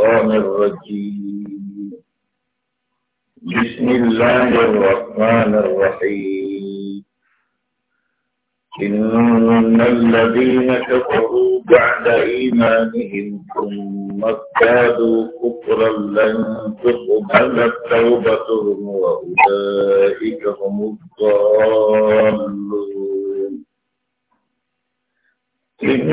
الشيطان الرجيم بسم الله الرحمن الرحيم إن الذين كفروا بعد إيمانهم ثم ازدادوا كفرا لن تقبل توبتهم وأولئك هم الضالون إن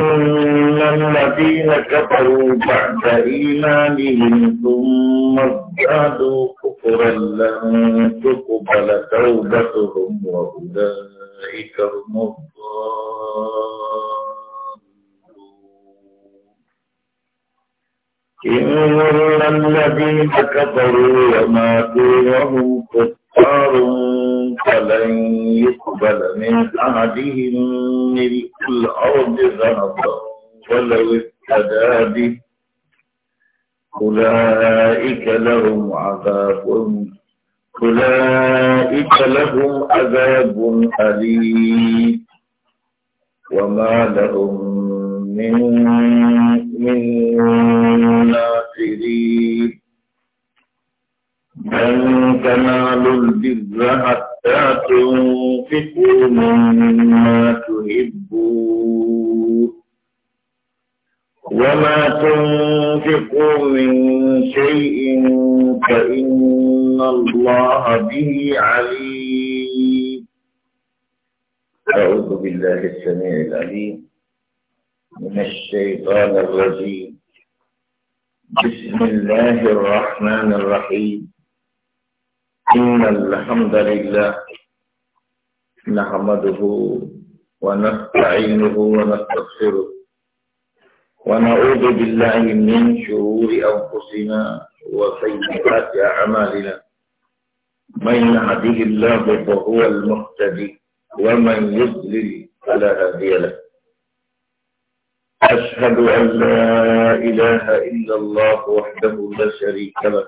الذين كفروا بعد إيمانهم ثم ازدادوا كفرا لن تقبل توبتهم وأولئك هم الضالون إن الذين كفروا وماتوا وهم كفار ولن يقبل من أحدهم ملء الأرض ذهبا ولو افتدى به أولئك لهم عذاب أولئك لهم عذاب أليم وما لهم من من ناصرين من تنالوا البر حتى حتى تنفقوا مما تحبون وما تنفقوا من شيء فإن الله به عليم أعوذ بالله السميع العليم من الشيطان الرجيم بسم الله الرحمن الرحيم إن الحمد لله نحمده ونستعينه ونستغفره ونعوذ بالله من شرور أنفسنا وسيئات أعمالنا من يهده الله فهو المهتدي ومن يضلل فلا هادي له أشهد أن لا إله إلا الله وحده لا شريك له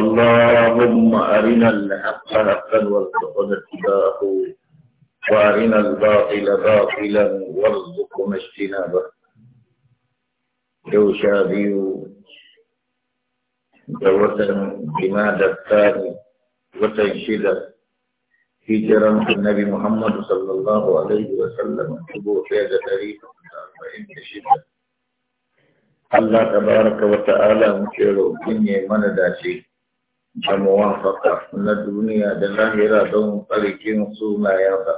اللهم أرنا الحق حقا وارزقنا اتباعه وأرنا الباطل باطلا وارزقنا اجتنابه لو شابيو دوتا بما الثاني وتنشد في جرم النبي محمد صلى الله عليه وسلم تبو في هذا تاريخ أربعين شدة الله تبارك وتعالى مشيرو إني من داشي da muwafaka na duniya da lahira don tsarkin sunayensa.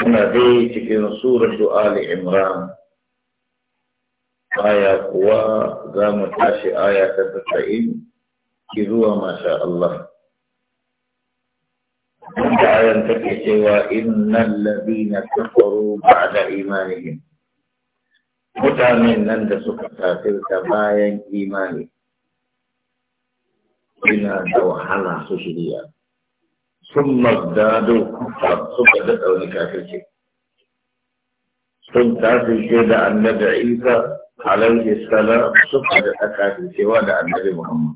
Muna dai cikin suratu Ali Imran, aya kuwa za mu tashi aya ta tasa'in ki zuwa masha Allah. Wanda ayan take cewa innan labina kafaru ba'da imanihim. Mutanen nan da suka tafirta bayan imani. Ina da wahala su shirya sun mazdado kufa suka da ɗauni kafirci sun tafi ke da annabi isa alaihi salam suka da tsakafircewa da annabi muhammad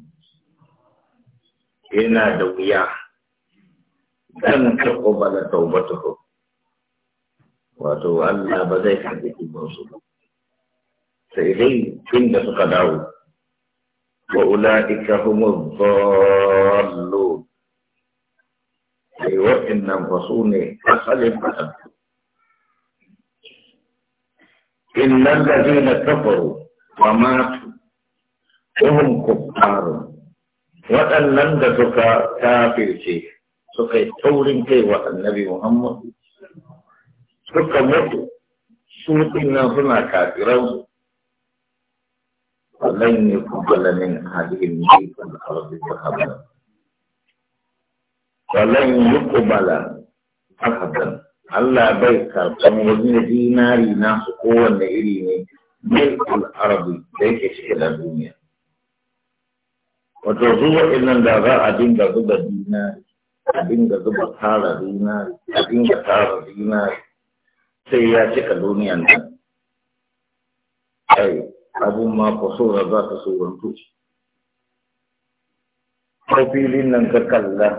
yana da wuya dan ta kubala taubatuhu wato Allah ba zai ba su ba sai dai tun da suka dawo وأولئك هم الضالون أي وإن فصوني أصل إن الذين كفروا وماتوا وهم كفار waɗannan da suka kafirce suka yi taurin kai wa annabi Muhammad suka mutu su nan suna kafiransu ولن يقبل من هذه الملك الأرض ذهبا ولن يقبل ذهبا Allah bai karɓar wani dinari nasu kowanne iri ne milkul arabi da yake shigilar duniya. Wato zuwa inan da za a dinga zuba dinari, a dinga zuba tara dinari, sai ya cika duniyan nan. Ai, abun ma kusura za ta surantu ko filin nan ka kalla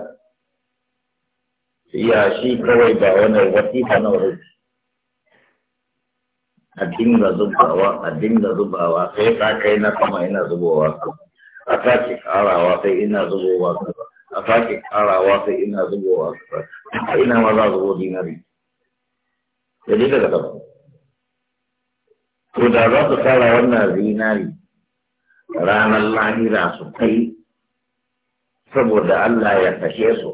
ya shi kawai ba wani wasifa na rufi a dinga zubawa a dinga zubawa sai ta kai na sama ina zubowa a sake karawa sai ina zubowa kaza a sake karawa sai ina zubowa kaza ina ma za zubo dinari ya ji ka sama to da za su fara wannan zinari ranar lahira su kai saboda Allah ya kashe su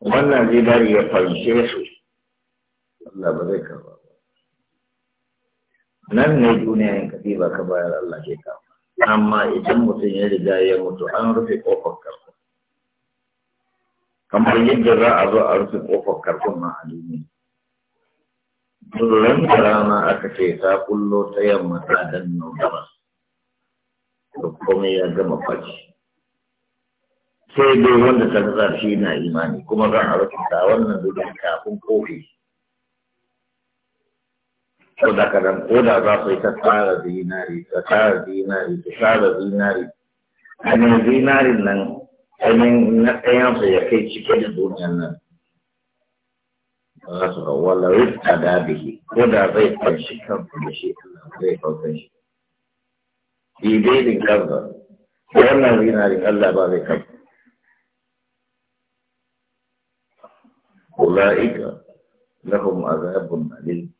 wannan zinari ya fanshe su Allah ba zai karba ba nan ne duniya yin kafi ba ka bayar Allah ke kawo amma idan mutum ya riga ya mutu an rufe kofar karfin kamar yadda za a zo a rufe kofar karfin ma a duniya da rana aka ce ta kullo ta yamma ta danno gabas. Da kome ya gama faci. Sai dai wanda ta gaza shi na imani kuma zan a ta wannan zuwa kafin kofi. Ko da kadan ko da za su yi ta tsara zinari, ta tsara zinari, ta tsara zinari. a Hanyar zinarin nan, ainihin na ɗayansa ya kai cike da duniyar nan. rasuwa wala rufka da bihi ko da zai kwanci kan kwanci zai kwanci shi daidin karza wannan zinarin Allah ba zai kan ula'ika lahum azabun alim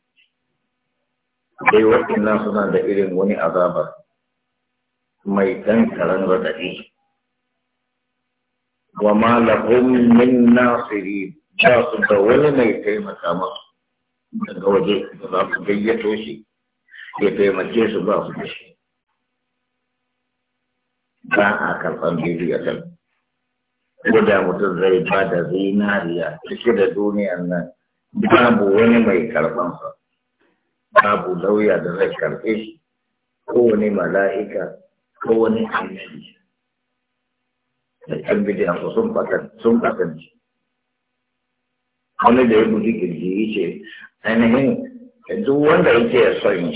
dai wakilna suna da irin wani azaba mai dan karan radadi wa ma lahum da su da wani mai taimaka masu daga waje da za su gayyato shi ya taimake su ba su da shi ba a karɓar bidiyo ta. ko da mutum zai ba da zinariya cike da duniyan nan babu wani mai karɓar karɓansa babu lauya da zai karɓe shi wani mala'ika kowane annabi da ɗan bidiyan sun fatanci wani da ya buɗi kirji ya ce wanda yake ya son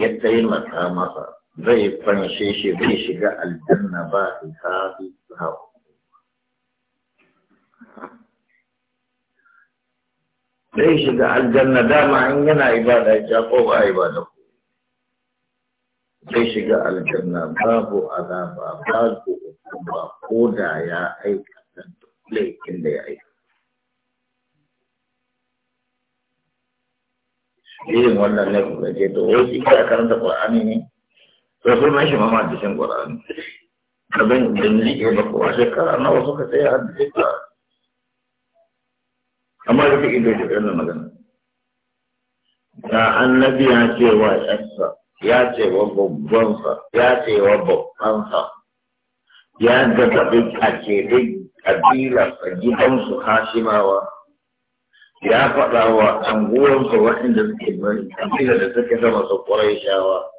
ya taimaka masa zai fanshe shi zai shiga aljanna ba zai shiga aljanna dama in yana ibada ya ibada zai shiga aljanna babu azaba babu hukuma ko da ya aikata da ya yin wannan ne kuma ce to wai shi ka karanta qur'ani ne to sun ma mama ma shin qur'ani abin da ne ke ba ko shekara wasu, ka tsaya har da ta amma da take da wannan magana da annabi ya ce wa yarsa ya ce wa sa ya ce wa sa ya ga tabi a ce dai gidan gidansu hashimawa ya faɗa wa anguwansa waɗanda suke bari kabila da suke sama su ƙwarai shawa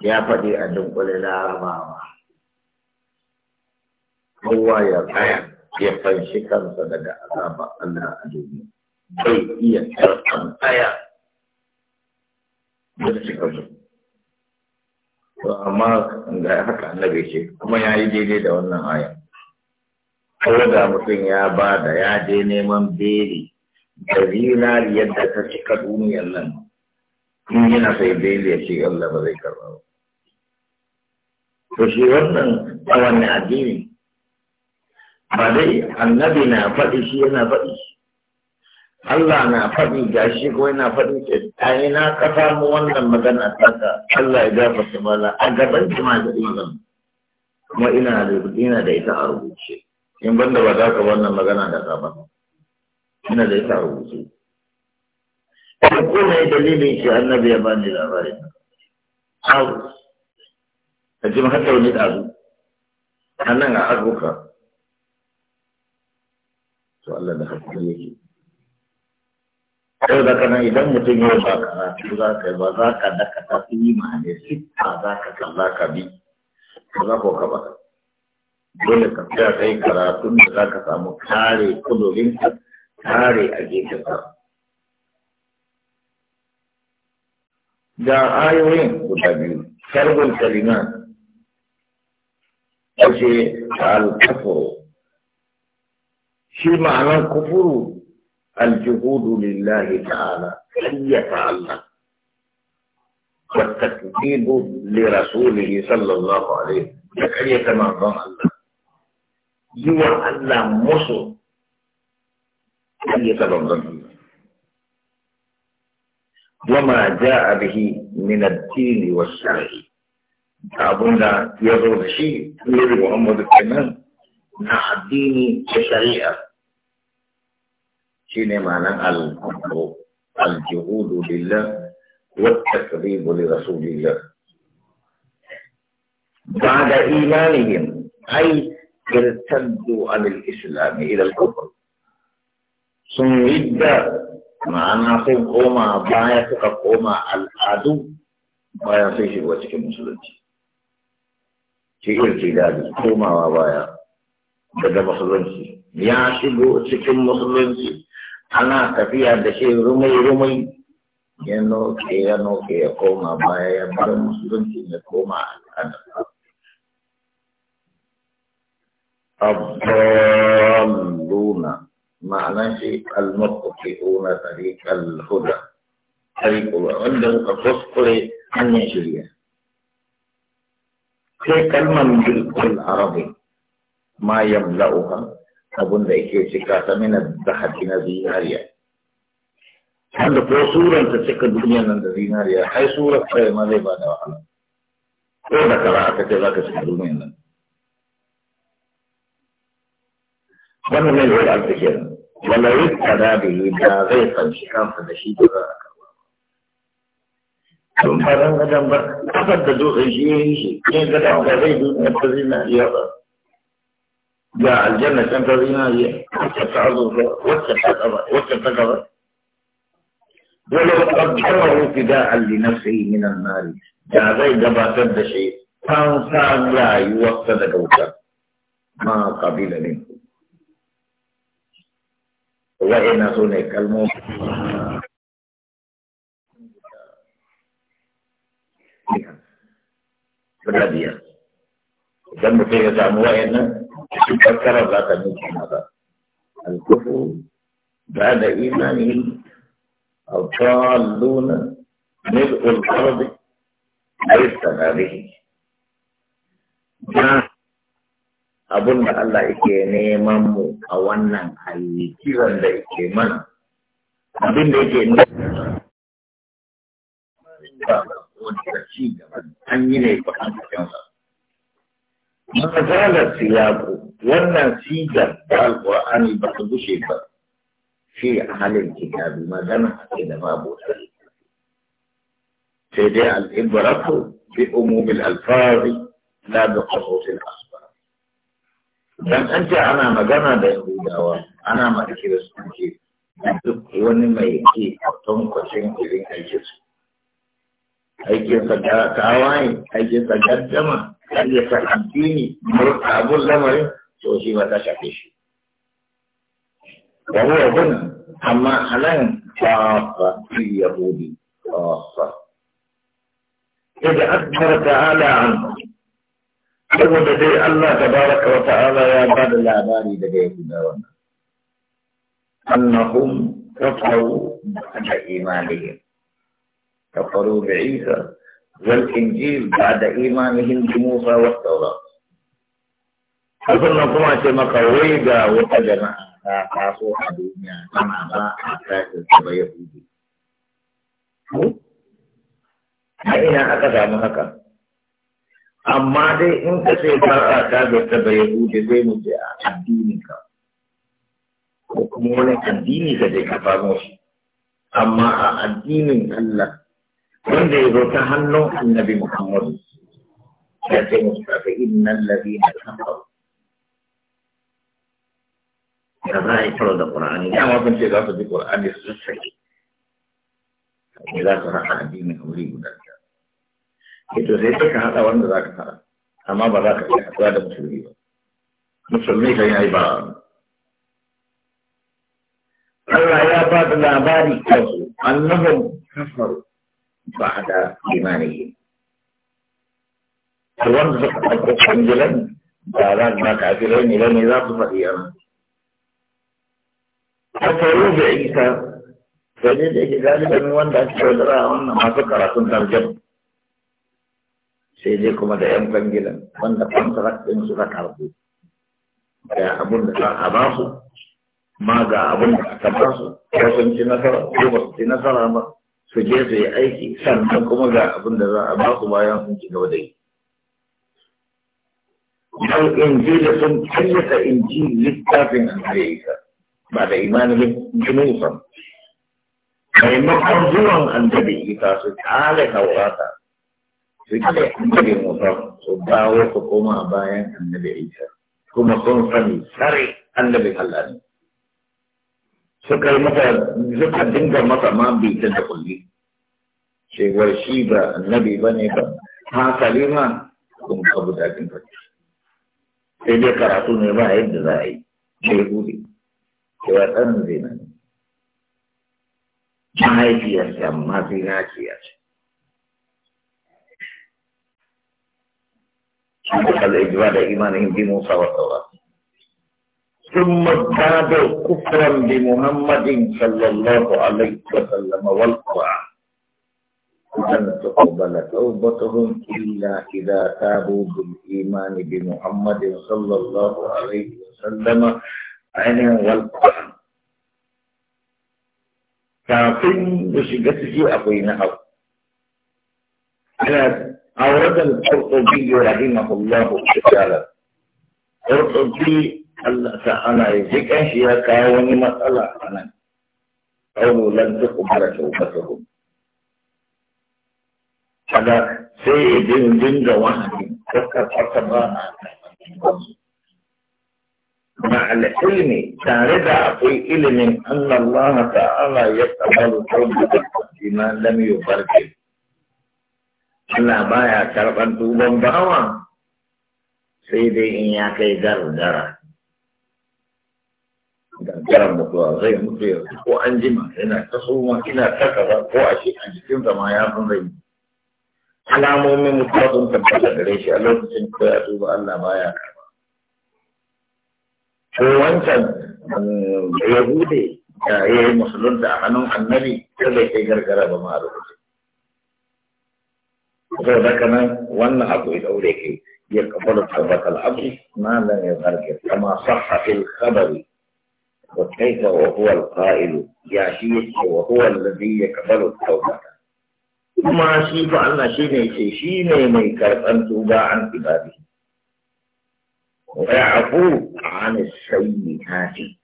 ya faɗi a dunkule larabawa kowa ya tsaya ya fanshi kansa daga azaba Allah a duniya bai iya karfan tsaya da suka zo to amma ga haka annabi ce kuma ya yi daidai da wannan ayan ko da mutum ya ba da ya je neman beli da zinari yadda ta cika duniyar nan in yana sai beli ya ce Allah ba zai karɓa ba to shi wannan a wani addini ba dai annabi na faɗi shi yana faɗi Allah na faɗi ga shi ko yana faɗi ce a na ƙasa mu wannan magana ka Allah ya su mala a gaban jima'a da kuma ina da ita a rubuce in banda ba za ka wannan magana da ka ba ina da ita rubuce ko ne dalilin shi annabi ya bani labarin awu a ji hatta wani ɗazu a nan a abuka to Allah da hakuri yake yau da kana idan mutum yau ba karatu za ka ba za ka dakata imani ba za ka kalla ka bi ba za ka ba dole ka tsaya kai karatun da za ka samu kare kudurinka kare a gefenka ga ayoyin guda biyu shargun kalimat wace al-kafuru shi ma'anar kufuru al-juhudu lillahi ta'ala ayyata Allah والتكذيب لرسوله صلى الله عليه وسلم كما الله yi wa Allah musu ayyuka banzan Allah. Wama ja a bihi min addini wa shari'i. Abun da ya zo da shi Nabi Muhammadu kenan na addini da shari'a. Shi ne ma'anan al-amru al-jihudu lillah wa takribu li rasulillah. Ba da imanihim ai irtaddu anil islam ila al-kufr sun yidda ma'ana sun koma baya suka koma al'adu baya sun shiga cikin musulunci shi irtidadi komawa baya daga musulunci ya shigo cikin musulunci ana tafiya da shi rumai-rumai ya noke ya noke ya koma baya ya bar musulunci ya koma al'ada الضالون معنى إيه؟ شيء المتقئون طريق الهدى طريق وعندهم تذكر عن يشريا في كلمة ملك العربي ما يملأها أبن ذيكي سكاة من الدخل في ديناريا عند قصورا تسك الدنيا من ديناريا حي صورة ما ذي بعد وحلا وذكر أكتبك سكاة الدنيا wannan mai wani abu kenan wala yuktada bihi da zai fanshi kansa da shi da za a tun ba ran gadon ba kafar da dutsen shi ya yi shi ne gadon ba zai dutsen ta zinariya ba ga aljanna can ta zinariya wacce ta azurfa wacce ta gaba wacce ta gaba ولو قدره فداء لنفسه من النار da zai gabatar da shi fansa rayuwarsa daga wuta ma kabila ne وأين هناك الموضوع في وأين تذكر ذات من الكفر بعد إيمانهم الضالون ملء الأرض ليس هذه abun da Allah yake neman mu a wannan hali kiran da yake mana abin da yake neman wanda ci gaba an yi ne ba an cikin sa mazalar siyaku wannan sigar da alƙur'ani ba ta gushe ba shi halin kitabi magana ake da babu sai dai al'ibaratu bi umumil alfari la bi qasosil asr dan an ce ana magana da yahudawa ana ma da ke duk wani mai ke ton kwashin irin aikin su aikin sa da tawaye aikin sa da jama aikin sa addini murka lamarin to shi ba ta shafe shi da huwa guna amma halan kafa yahudi kafa إذ أكبر تعالى an saboda dai Allah tabaraka wa ta'ala ya ba da labari daga Yahuda wannan annahum kafaru ba'da imanihim kafaru bi Isa wal Injil ba'da imanihim bi Musa wa Taurat sannan kuma ce maka wai ga wata jama'a ta taso a duniya tana ba a tashin su ba Yahudi a ina aka samu haka amma dai in ka ce ba a kafirta ba ya bude zai mu je a addini ka ko kuma wani addini ka je ka famo shi amma a addinin Allah wanda ya zo ta hannun annabi Muhammadu ya ce musu kafa innan ladina kafaru da za a yi karo da ƙur'ani ya ma sun ce za su ji ƙur'ani su sake za su haɗa addinin a wuri guda ito sai dai ka haɗa wanda za ka haɗa amma ba za ka iya haɗuwa da musulmi ba musulmi kan yayi ba Allah ya ba da labari kansu annahum kafaru ba'da imanihim to wanda suka ɗauko kangilan ba za su ba kafirai ne ne za su faɗi yana kafaru da isa sai dai da yake galibin wanda ake yaudara a wannan masu karatun tarjama sai dai kuma da yan bangilan wanda kwantarak ɗin suka karɓo ga abin da aka ba su ma ga abin da aka ba su ko sun ci nasara ko ba su ci nasara ba su je su yi aiki sannan kuma ga abin da za a ba su bayan sun ci gaba da yi Yau Injila sun karyata inji littafin Amerika ba da imanin Junusan. Maimakon zuwan annabi Isa suke da annabi Musa su dawo su koma bayan annabi Isa kuma sun sani sare annabi Allah ne suka yi masa suka dinga masa ma bita da kulli cewar shi ba annabi ba ne ba ha Kalima kun abu da kin fata sai dai karatu ne ba yadda za a yi sai gode cewa tsarin zai nan mahaifiyarsa mazinaciyarsa سبق الإجماع إيمانهم بموسى والتوراة ثم ازدادوا كفرا بمحمد صلى الله عليه وسلم والقرآن لن تقبل توبتهم إلا إذا تابوا بالإيمان بمحمد صلى الله عليه وسلم عينهم والقرآن kafin da shiga suke akwai أورد القرطبي رحمه الله تعالى القرطبي أنا ذكر أشياء كاوني مسألة أنا أو لن تقبل توبتهم هذا سيدين دين جواهد فكر فكرنا مع العلم تاردا في علم أن الله تعالى يقبل توبة من لم يبرك Allah baya karɓar tuban bawa sai dai in ya kai gargara. gargara mutuwa zai mutu ya ko an jima yana ta suma ina ta kaza ko a shi a jikin zama ya fi zai. Alamomin mutuwa sun tabbata gare shi a lokacin ko ya tuba Allah baya karɓa. Ko wancan um, Yahude da ya yi musulunta a hannun annabi zai kai gargara ba ma a lokacin. Sau da kanan wannan abu ya daure kai ya da tabbatar abu ma lan ya zarge kama sahha fil khabari wa kaifa wa huwa al qa'il ya shi yake wa huwa alladhi da tawbata kuma shi fa Allah shi ne yake shi ne mai karban tuba an ibadi wa ya'fu an sayyi'ati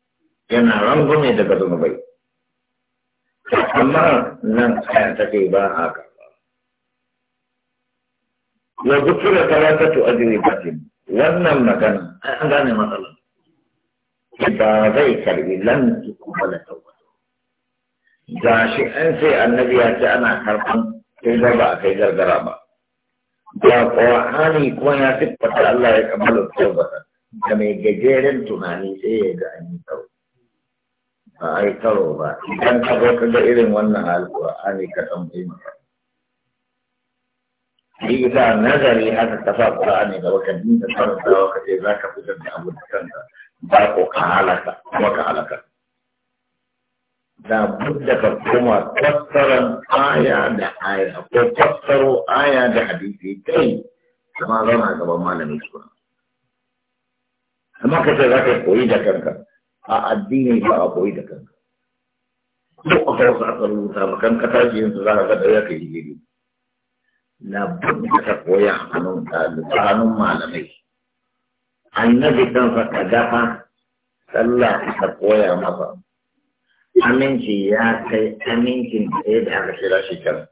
yana rangume daga zunubai amma nan kayan take ba haka wa gufira ajini batin wannan magana an gane matsalar ba zai karbi lan kuma tauba ga shi an sai annabi ya ce ana karban sai da ba a kai gargara ba ga qur'ani kuma ya tabbata Allah ya kamala tauba da mai gajeren tunani sai ya ga an yi ba a yi karo ba idan ka zo ka ga irin wannan ani ka tambayi maka هي بتاع نظري هذا التفاق لأني لو كان من تفرد لو كان ذاك بجمع أبو الكنزة باقوك عالك وك عالك لابد فكما تفسر آية لآية وتفسر آية لحديثي كي كما ظن هذا ما لم يشكر ما كنت ذاك قوي دكنك أعديني فأقوي دكنك لو أخوص أصل الله كان كتاجين تزارك دياك يجيبين na da ta koya hannun hannun malamai annabi kansa ka gafa sallah ta koya masa aminci ya kai amincin da ya da aka kira shi kan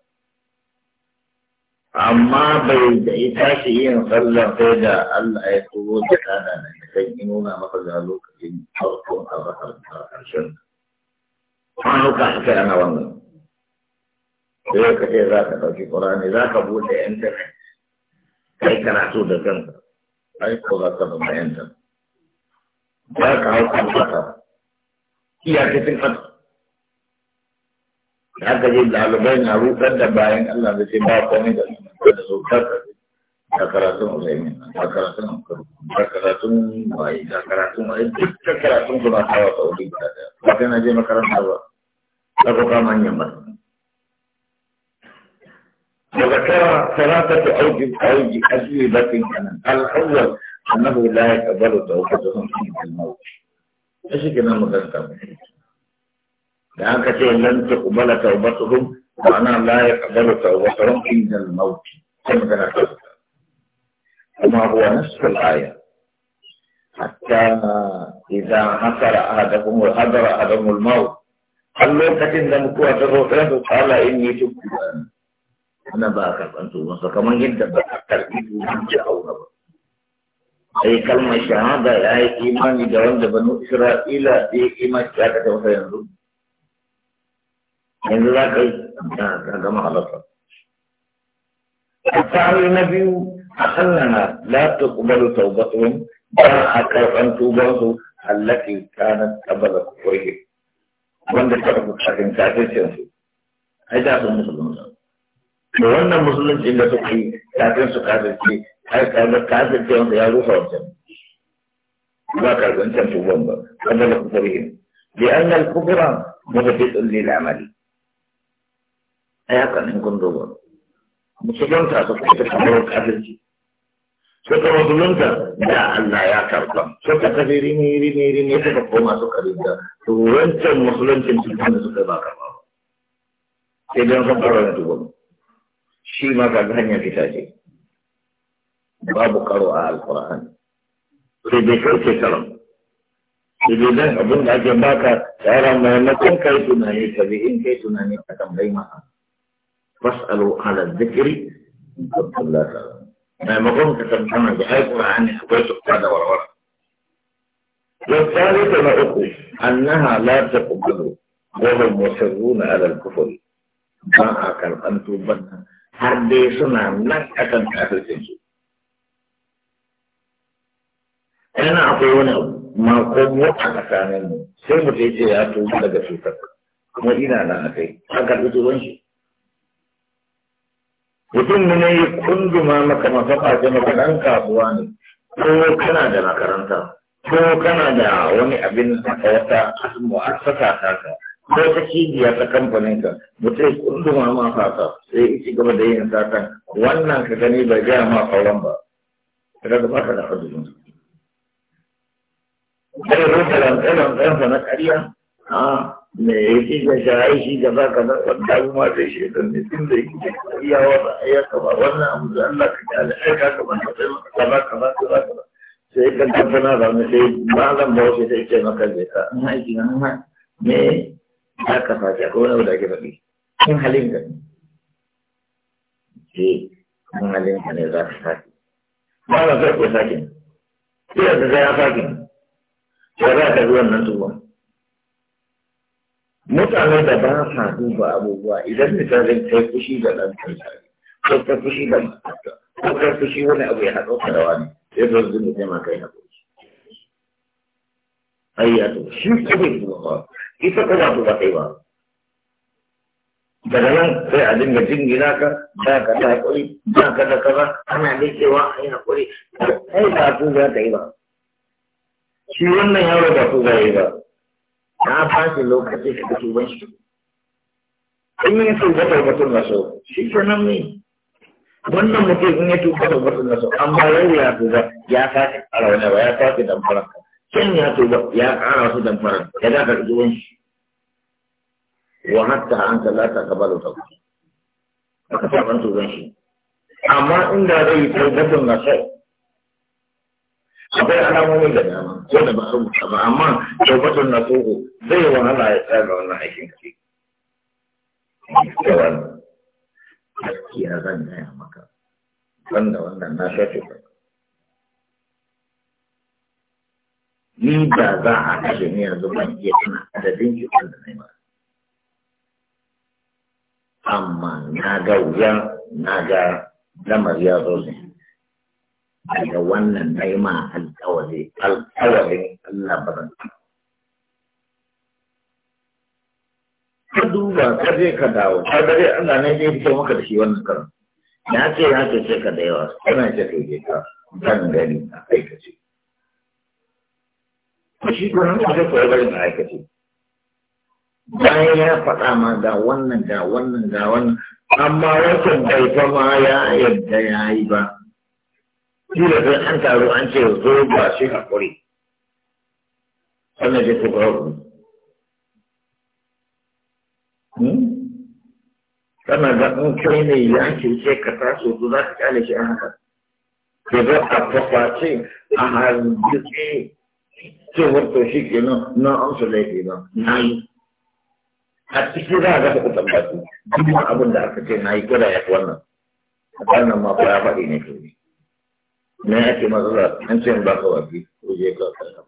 amma bai da ita shi yin sallah sai da Allah ya turo da kana da kai in nuna masa da lokacin farkon a ƙarshen kwanuka suka yana wannan sai ka ce za ka ɗauki ƙur'ani, za ka buɗe intanet kai da kanka ai ko za ka zama za ka hau ɗalibai na rukar da bayan Allah da ce ba komai da da saukar da karatun da karatun da karatun da karatun Bayi duk da karatun suna kawo tsauri da ɗaya ba kai je makaranta ba ta manyan وذكر ثلاثة أوج أوج أجوبة الأول أنه لا يقبل توبتهم في الموت إيش كنا مذكر كثير لن تقبل توبتهم وأنا لا يقبل توبتهم عند الموت كما كان هو نفس الآية حتى إذا حصل أحدهم وحضر أحدهم الموت قال له كثير لم قوة قال إني تبت ana ba a karɓar tubansa kamar yadda ba a karɓi tuban fir'auna ba sai kalmar shahada ya yi imani da wanda banu isra'ila da ya imani ya ka tausa yanzu yanzu za ka yi ka gama halarsa التعويل النبي أخلنا لا تقبل توبتهم باع كرفا توبته التي كانت قبل كفرهم وانت تعرف حكم كافر سينسو هذا هو المسلمون to wannan musulunci da suka yi kafin su kafirce har kaga kafirce wanda ya rufa wancan ba karɓar can tuban ba wanda da kufurihim bi an nan kufura mutafidun da amali ai haka ne kun dogo musulunta su kai ta kamar kafirci suka musulunta da Allah ya karɓa suka tafi rini rini rini suka koma suka rinda to wancan musuluncin su da suka ba karɓa sai dan sun fara tuban shi ma ga hanyar fita ce babu karo a alkur'an sai dai kai ce karon sai dai dan abin da ake baka tsara maimakon kai tunani ka bi in kai tunani ka tambayi maka fasalu ala zikiri Allah ta maimakon ka tambana da alkur'ani akwai tukka da warwara والثالث ما أقول أنها لا تقبل وهم مصرون على الكفر ما أكل أن تبنى har dai suna nan akan kafircin su yana akwai wani makomo a tsakanin mu sai mu ce ya tuba daga cutar kuma ina nan a kai a karɓi tuban shi mutum ne yi kunduma maka mafaɓa ce maka ɗan kasuwa ne ko kana da makaranta ko kana da wani abin a wata a ta ka ko ta cibiya ta kamfanin ka mutum kunduma ma fata sai ci gaba da yin satan wannan ka gani ba gaya ma sauran ba daga gaba ka da arzikin kada zo da rantsalan ɗansa na ƙarya a me ya ci da shara'i shi da ba ka da wanda abu ma zai shaidan ne tun da yake ƙarya wata ayyaka ba wannan abu da Allah ka ji al'aika ka ba ka sai maka kaza kaza kaza kaza sai ka kamfana da wani sai malam ba wasu sai ce maka zai ka aiki na ne za ka ko akwai wani abu da ake faɗi in halin ka ne eh in halin ka ne za ka faɗi ba na farko sakin sai yadda sai ya sakin sai za ka zuwan nan tuba mutane da ba sa duba abubuwa idan misalin kai fushi da ɗan kai ko ka fushi da matarka ko ka fushi wani abu ya haɗo ka da wani sai ka zuwa ne sai kai haƙo ai ya to shi ko bai zuwa ba ita ko ba duba kai ba daga nan sai a dinga jingina ka da ka da kata, da ka da da cewa ai hakuri ai ba su za ta shi wannan yaro ba su za ba na fashi lokaci tu da tuban shi in yi tuba tabbatun na so shi kenan ne wannan mutum in ya tuba tabbatun na so amma ya tuba ya sake wani ba ya can ya tuba ya su damfara ya za shi wa hatta an talata ka ba da sauka aka saman tuban shi amma inda zai yi tabbatun na sai akwai alamomin da dama ko da ba a rubuta ba amma tabbatun na zai wahala ya tsaya ga wannan aikin zan gaya maka wanda wannan na shafi ba da za a kashe ni yanzu ban iya tuna adadin cutar da mara amma na ga wuya na ga lamar ya zo ne daga wannan ma alkawari alkawarin Allah baran ka duba ka je ka dawo ka dare Allah ne zai fito maka da shi wannan karan na ce na ce ka da yawa kana ce ka yi ka zan gani a aikace shi ko nan ba ko koyi barin aikace bayan ya faɗa ma ga wannan ga wannan ga wannan amma wancan bai ta ma ya yadda ya yi ba da sai an taru an ce zo ba shi haƙuri wannan zai ko babu kana ga in kai ne ya ce ce ka taso to za ka kyale shi a haka ke zo a ce a hargitse cewar to shi ke nan na amsa laifi ba na yi a cikin za a gasa ku tambatu duk abin da aka ce na yi kira ya wannan wannan ma ya faɗi ne ke ne ake matsala an ce ba ka wafi ko je ka kasa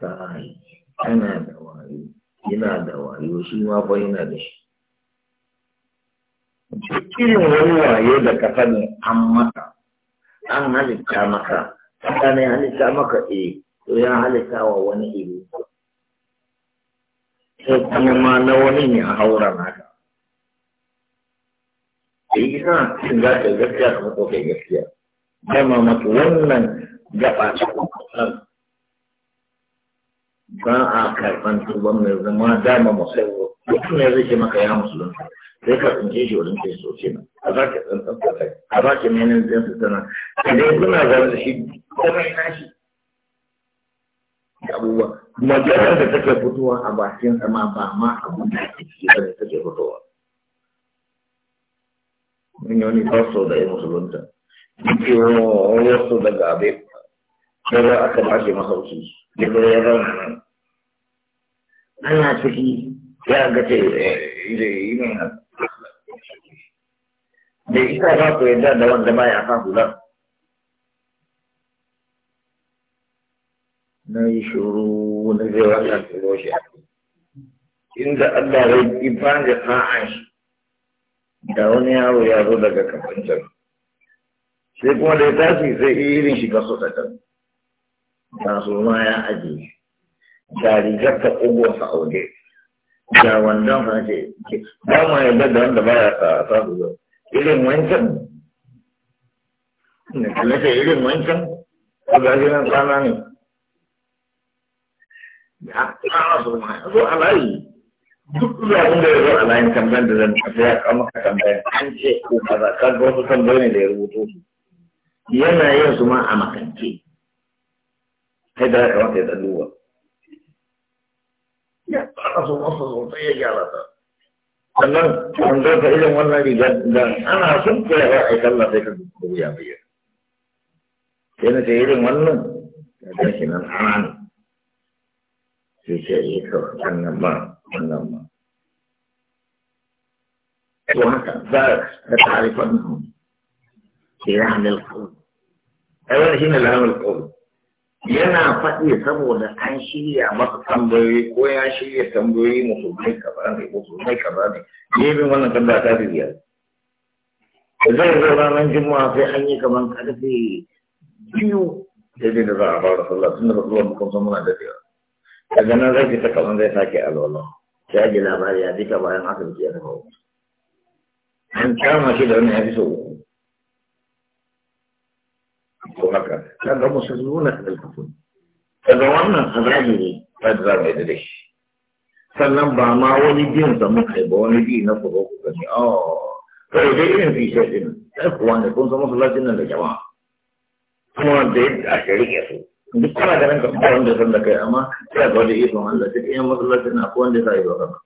sai ana da wayo yana da wayo shi ma fa yana da shi irin wani wayo da ka sani an maka an halitta maka Allah ne halitta maka e to ya halitta wa wani iri sai kuma ma na wani ne a haura naka eh, yi isa cikin za ka gaskiya kuma ko kai gaskiya dama mutu wannan gaba ta ba a karɓar tuban mai zama dama musawo mutum ne zai ce maka ya musulunta sai ka tsinke shi wurin kai so ce a za ka tsantsanta kai a za ka menin zai su tana idan kuna zaune da shi komai nashi abubuwa maganar da take fitowa a bakin sama ba ma abun da ake ciki ba take fitowa mun yi wani fasto da ya musulunta ke wasu daga abin da aka bashi masauki da ya nan ana ciki ya ga ce eh, da yi ne da ita za ku yadda da wanda ba ya kan hular na yi shuru na zai wannan tsoro shi inda Allah zai yi ba da sa'an shi da wani yaro ya zo daga kafin sai kuma da ya tashi sai irin shiga su da can ma ya ajiye da rigar ta ƙugun sa aure da wannan fashe ba ma yadda da wanda ba ya sa sa su zo irin wancan na ce irin wancan ko ga shi nan tsana ne ya tsana su ma ya zo alayi duk zaɓin da ya zo alayin tambayar da zan tafi ya kama ka tambayar an ce ko kaza kan wasu tambayoyi da ya rubuto su yana yin su ma a makance sai da ya kamata ya ɗan duba ya fara su wasu sosai ya gyara ta sannan an za ta irin wannan rigar da ana son kula ba a yi sallah sai ka duka wuya bayyana sai na ce irin wannan ya ga shi nan ana ne sai ce ya eh, kawai wannan ba wannan ba to haka za ka tarifan nan sai ya hannun kawai ai wani shi ne lahamar kawai yana faɗi saboda an shirya masa tambayoyi ko ya shirya tambayoyi musulmai kaza ne musulmai kaza ne ne bin wannan tambaya ta fi biyar zai zo ranar juma'a sai an yi kamar karfe biyu daidai da za a fara sallah tun da ba zuwa mukan san muna dafewa daga nan zai fita kaman zai sake alwala sai ya ji labari ya duka bayan asibiti ya wasu an kama shi da wani ya fi so uku ko haka kaga musulmuna da kafin kaga wannan hazari ne za mu da shi sannan ba ma wani biyan sa muka ba wani bi na kuma ku gani oh kai dai irin fi shi din sai kuwa ne kun san masallacin nan da jama'a kuma da yadda a shirike su duk kana ganin ka ba wanda san da kai amma sai ga wani ikon Allah sai in masallacin na ko wanda sai ba kanka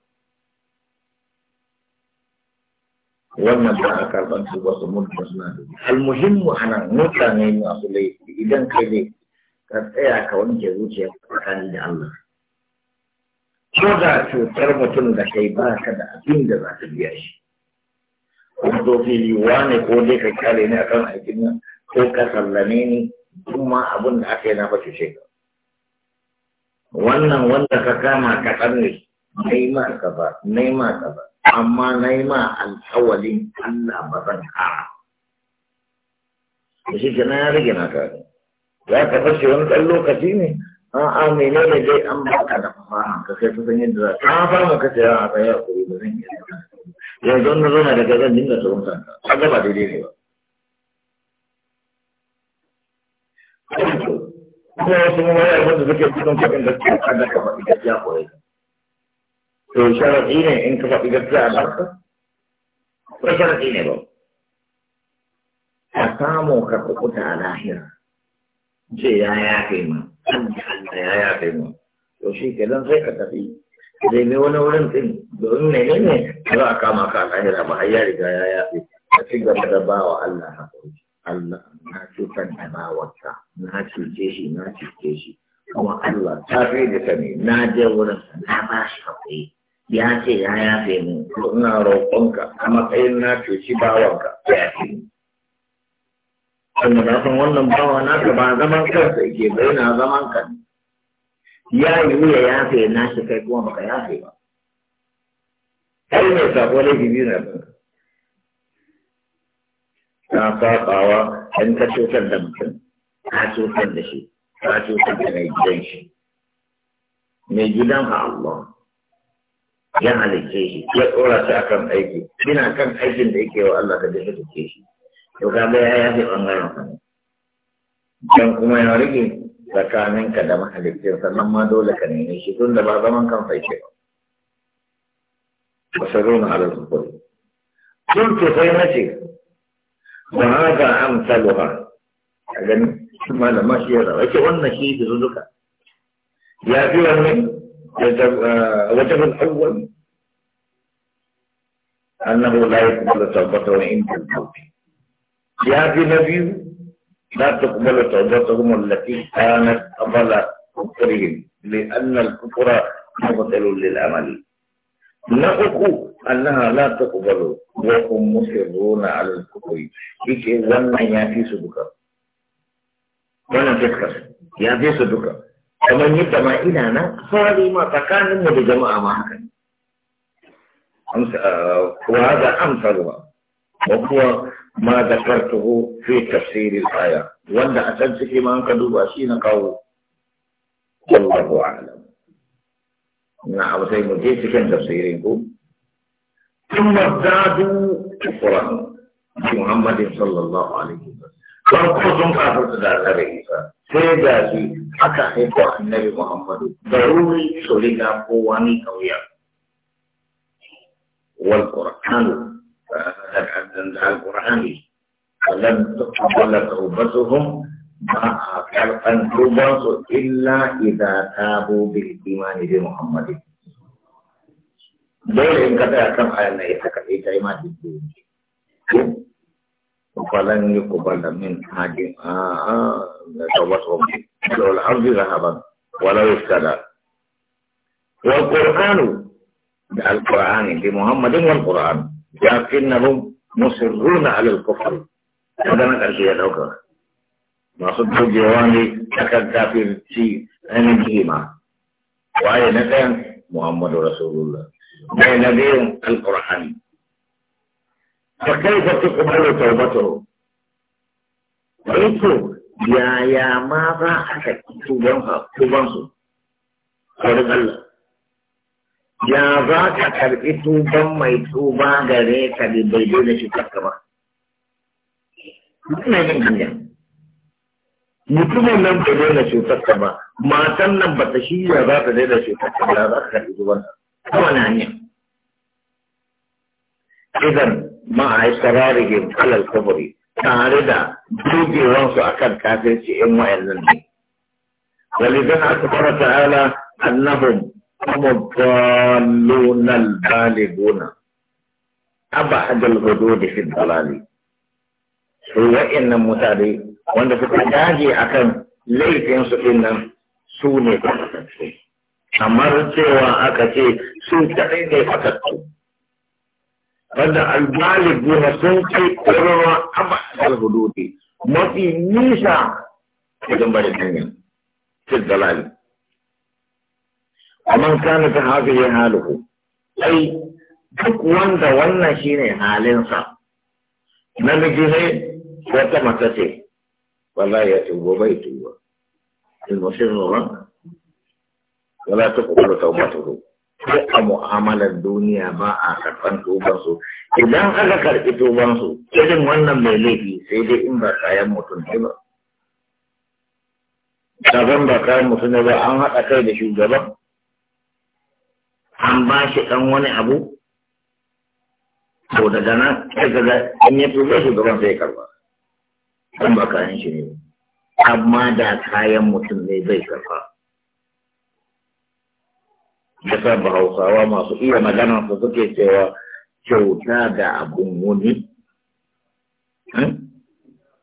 wannan ba a karɓar su ba su mutu suna da almuhimmu ana mutane masu laifi idan kai ne ka tsaya ka wanke zuciya tsakani da Allah ko da cutar mutum da kai ba ka da abin da za ka biya shi kuma to fili wane ko dai ka kyale ni akan aikin nan ko ka sallame ni duk ma abin da aka yi na fashe shi wannan wanda ka kama ka tsarni nema ka ba nema ka ba amma na yi ma alkawalin Allah ba zan kara. Da shi ke na ya rage na kare. Za ka fashe wani ɗan lokaci ne, an mene ne dai an ba ka da fasaha ka sai ta san yadda za ka fara ka ce a sai ya kuri ba zan iya yanzu na zo na daga zan dinga tsoron ka ka ga ba daidai ne ba. Kuma wasu mawaya wanda suke cikin cikin gaskiya kan da ka faɗi gaskiya kore to sharaɗi ne in ka faɗi gaskiya a barka ko sharaɗi ne ba a samu ka kuɓuta a lahira ce ya yafe ma Allah ya yafe ma to shi ke don sai ka tafi zai mai wani wurin ɗin domin ne ne ne za a kama ka a lahira ba har ya riga ya yafe a ci gaba da ba wa Allah haƙuri Allah na cutar da bawarsa na cuce shi na cuce shi kuma Allah ta fi da sani na je wurin na ba shi haƙuri ya ce ya yafe mu to ina roƙonka a matsayin na cuci bawanka ya yafe mu kuma na san wannan bawa na ka ba zaman kansa yake ba yana zaman ka ya yi ya yafe na shi kai kuma baka yafe ba kai ne sako laifi biyu na ba ta saɓawa in ka cutar da mutum ka cutar da shi ka cutar da mai gidan shi mai gidan ka Allah ya halicce shi ya tsora shi akan aiki ina kan aikin da yake wa Allah ka da ya halicce shi to kaga ya yafe bangaren ka dan kuma ya rage tsakanin ka da mahalicin sannan ma dole ka nemi shi tun da ba zaman kan faike ba wasaruna ala zubur tun ce sai na ce ba haka amsaluha a gani malama shi ya rawa ke wannan shi da zuzuka ya fi wannan الوجه آه، الأول أنه لا يقبل توبته عند الموت يا نبي لا تقبل توبتهم التي كانت قبل كفرهم لأن الكفر مبطل للعمل نقول أنها لا تقبل وهم مصرون على الكفر إيش ظن يا في صدقة وانا تذكر يا في صدقة kamar yadda ma ina nan fari ma tsakanin mu da jama'a ma haka ah, wa amsa amsarwa wa kuwa ma kartuhu fi tafsirin aya wanda a can ciki ma an ka duba shi na kawo wallahu a'lam na abu sai mu je cikin tafsirin ku ثم ازدادوا كفرا محمد صلى الله عليه وسلم فرقوا ثم da ذات Isa. sai da shi aka haifo annabi Muhammadu da ruri su riga kowa ni kauya. Wal Qur'an da Al-Qur'ani alam tuqbala tawbatuhum ba a karɓan tubansu illa idza tabu bil imani bi Muhammadin. Dole in ka tsaya kan ayan na ita kaɗai ta yi ma dubbe. Kwalan yi kubala min hajin a'a ah, توبتهم سلع الأرض ذهبا ولا يفتدى والقرآن القرآن لمحمد والقرآن لكنهم مصرون على الكفر هذا ما قال فيها ذوكا ما صدق جواني لك الكافر في أنجيما وأي نتان محمد رسول الله وأي نبي القرآن فكيف تقبل توبته ويتوب yaya ma za a saki su saurin Allah ya za ka karɓi tuban mai tuba gare ka da bai da shi karka ba ina yin hanya mutumin nan bai daina cutarka ba matan nan ba ta shi ya za ta daina cutarka ba za ka karɓi tuban ta wani hanya idan ma a yi sararigin kalal kabari tare da dogewansu a kan kafirci in wa'annan ne. Walidan aka fara ta'ala annahum kuma dalonal baligona. Aba hajjal hudu da shi dalali. Su wa'annan mutane wanda suka dage a kan laifinsu ɗin nan su ne Kamar cewa aka ce su kaɗai ne kwatatattu. wanda albalibu na sun kai ƙararwa aba alhududi mafi nisa wajen bari hanyar fit dalali amma kana ta haka yin ai duk wanda wannan shine halinsa namiji ne wata mata ce ya tuba bai tuba sai a mu'amalar duniya ba a karɓan tubansu idan aka karɓi tubansu irin wannan mai laifi sai dai in ba kayan mutum ne ba kazan ba kayan mutum ne ba an haɗa kai da shugaban an ba shi ɗan wani abu to daga nan sai in ya tuba shugaban sai karɓa ɗan ba kayan shi ne amma da kayan mutum ne zai karɓa ya sa hausawa masu iya magana su suke cewa kyauta da abun wuni hmm?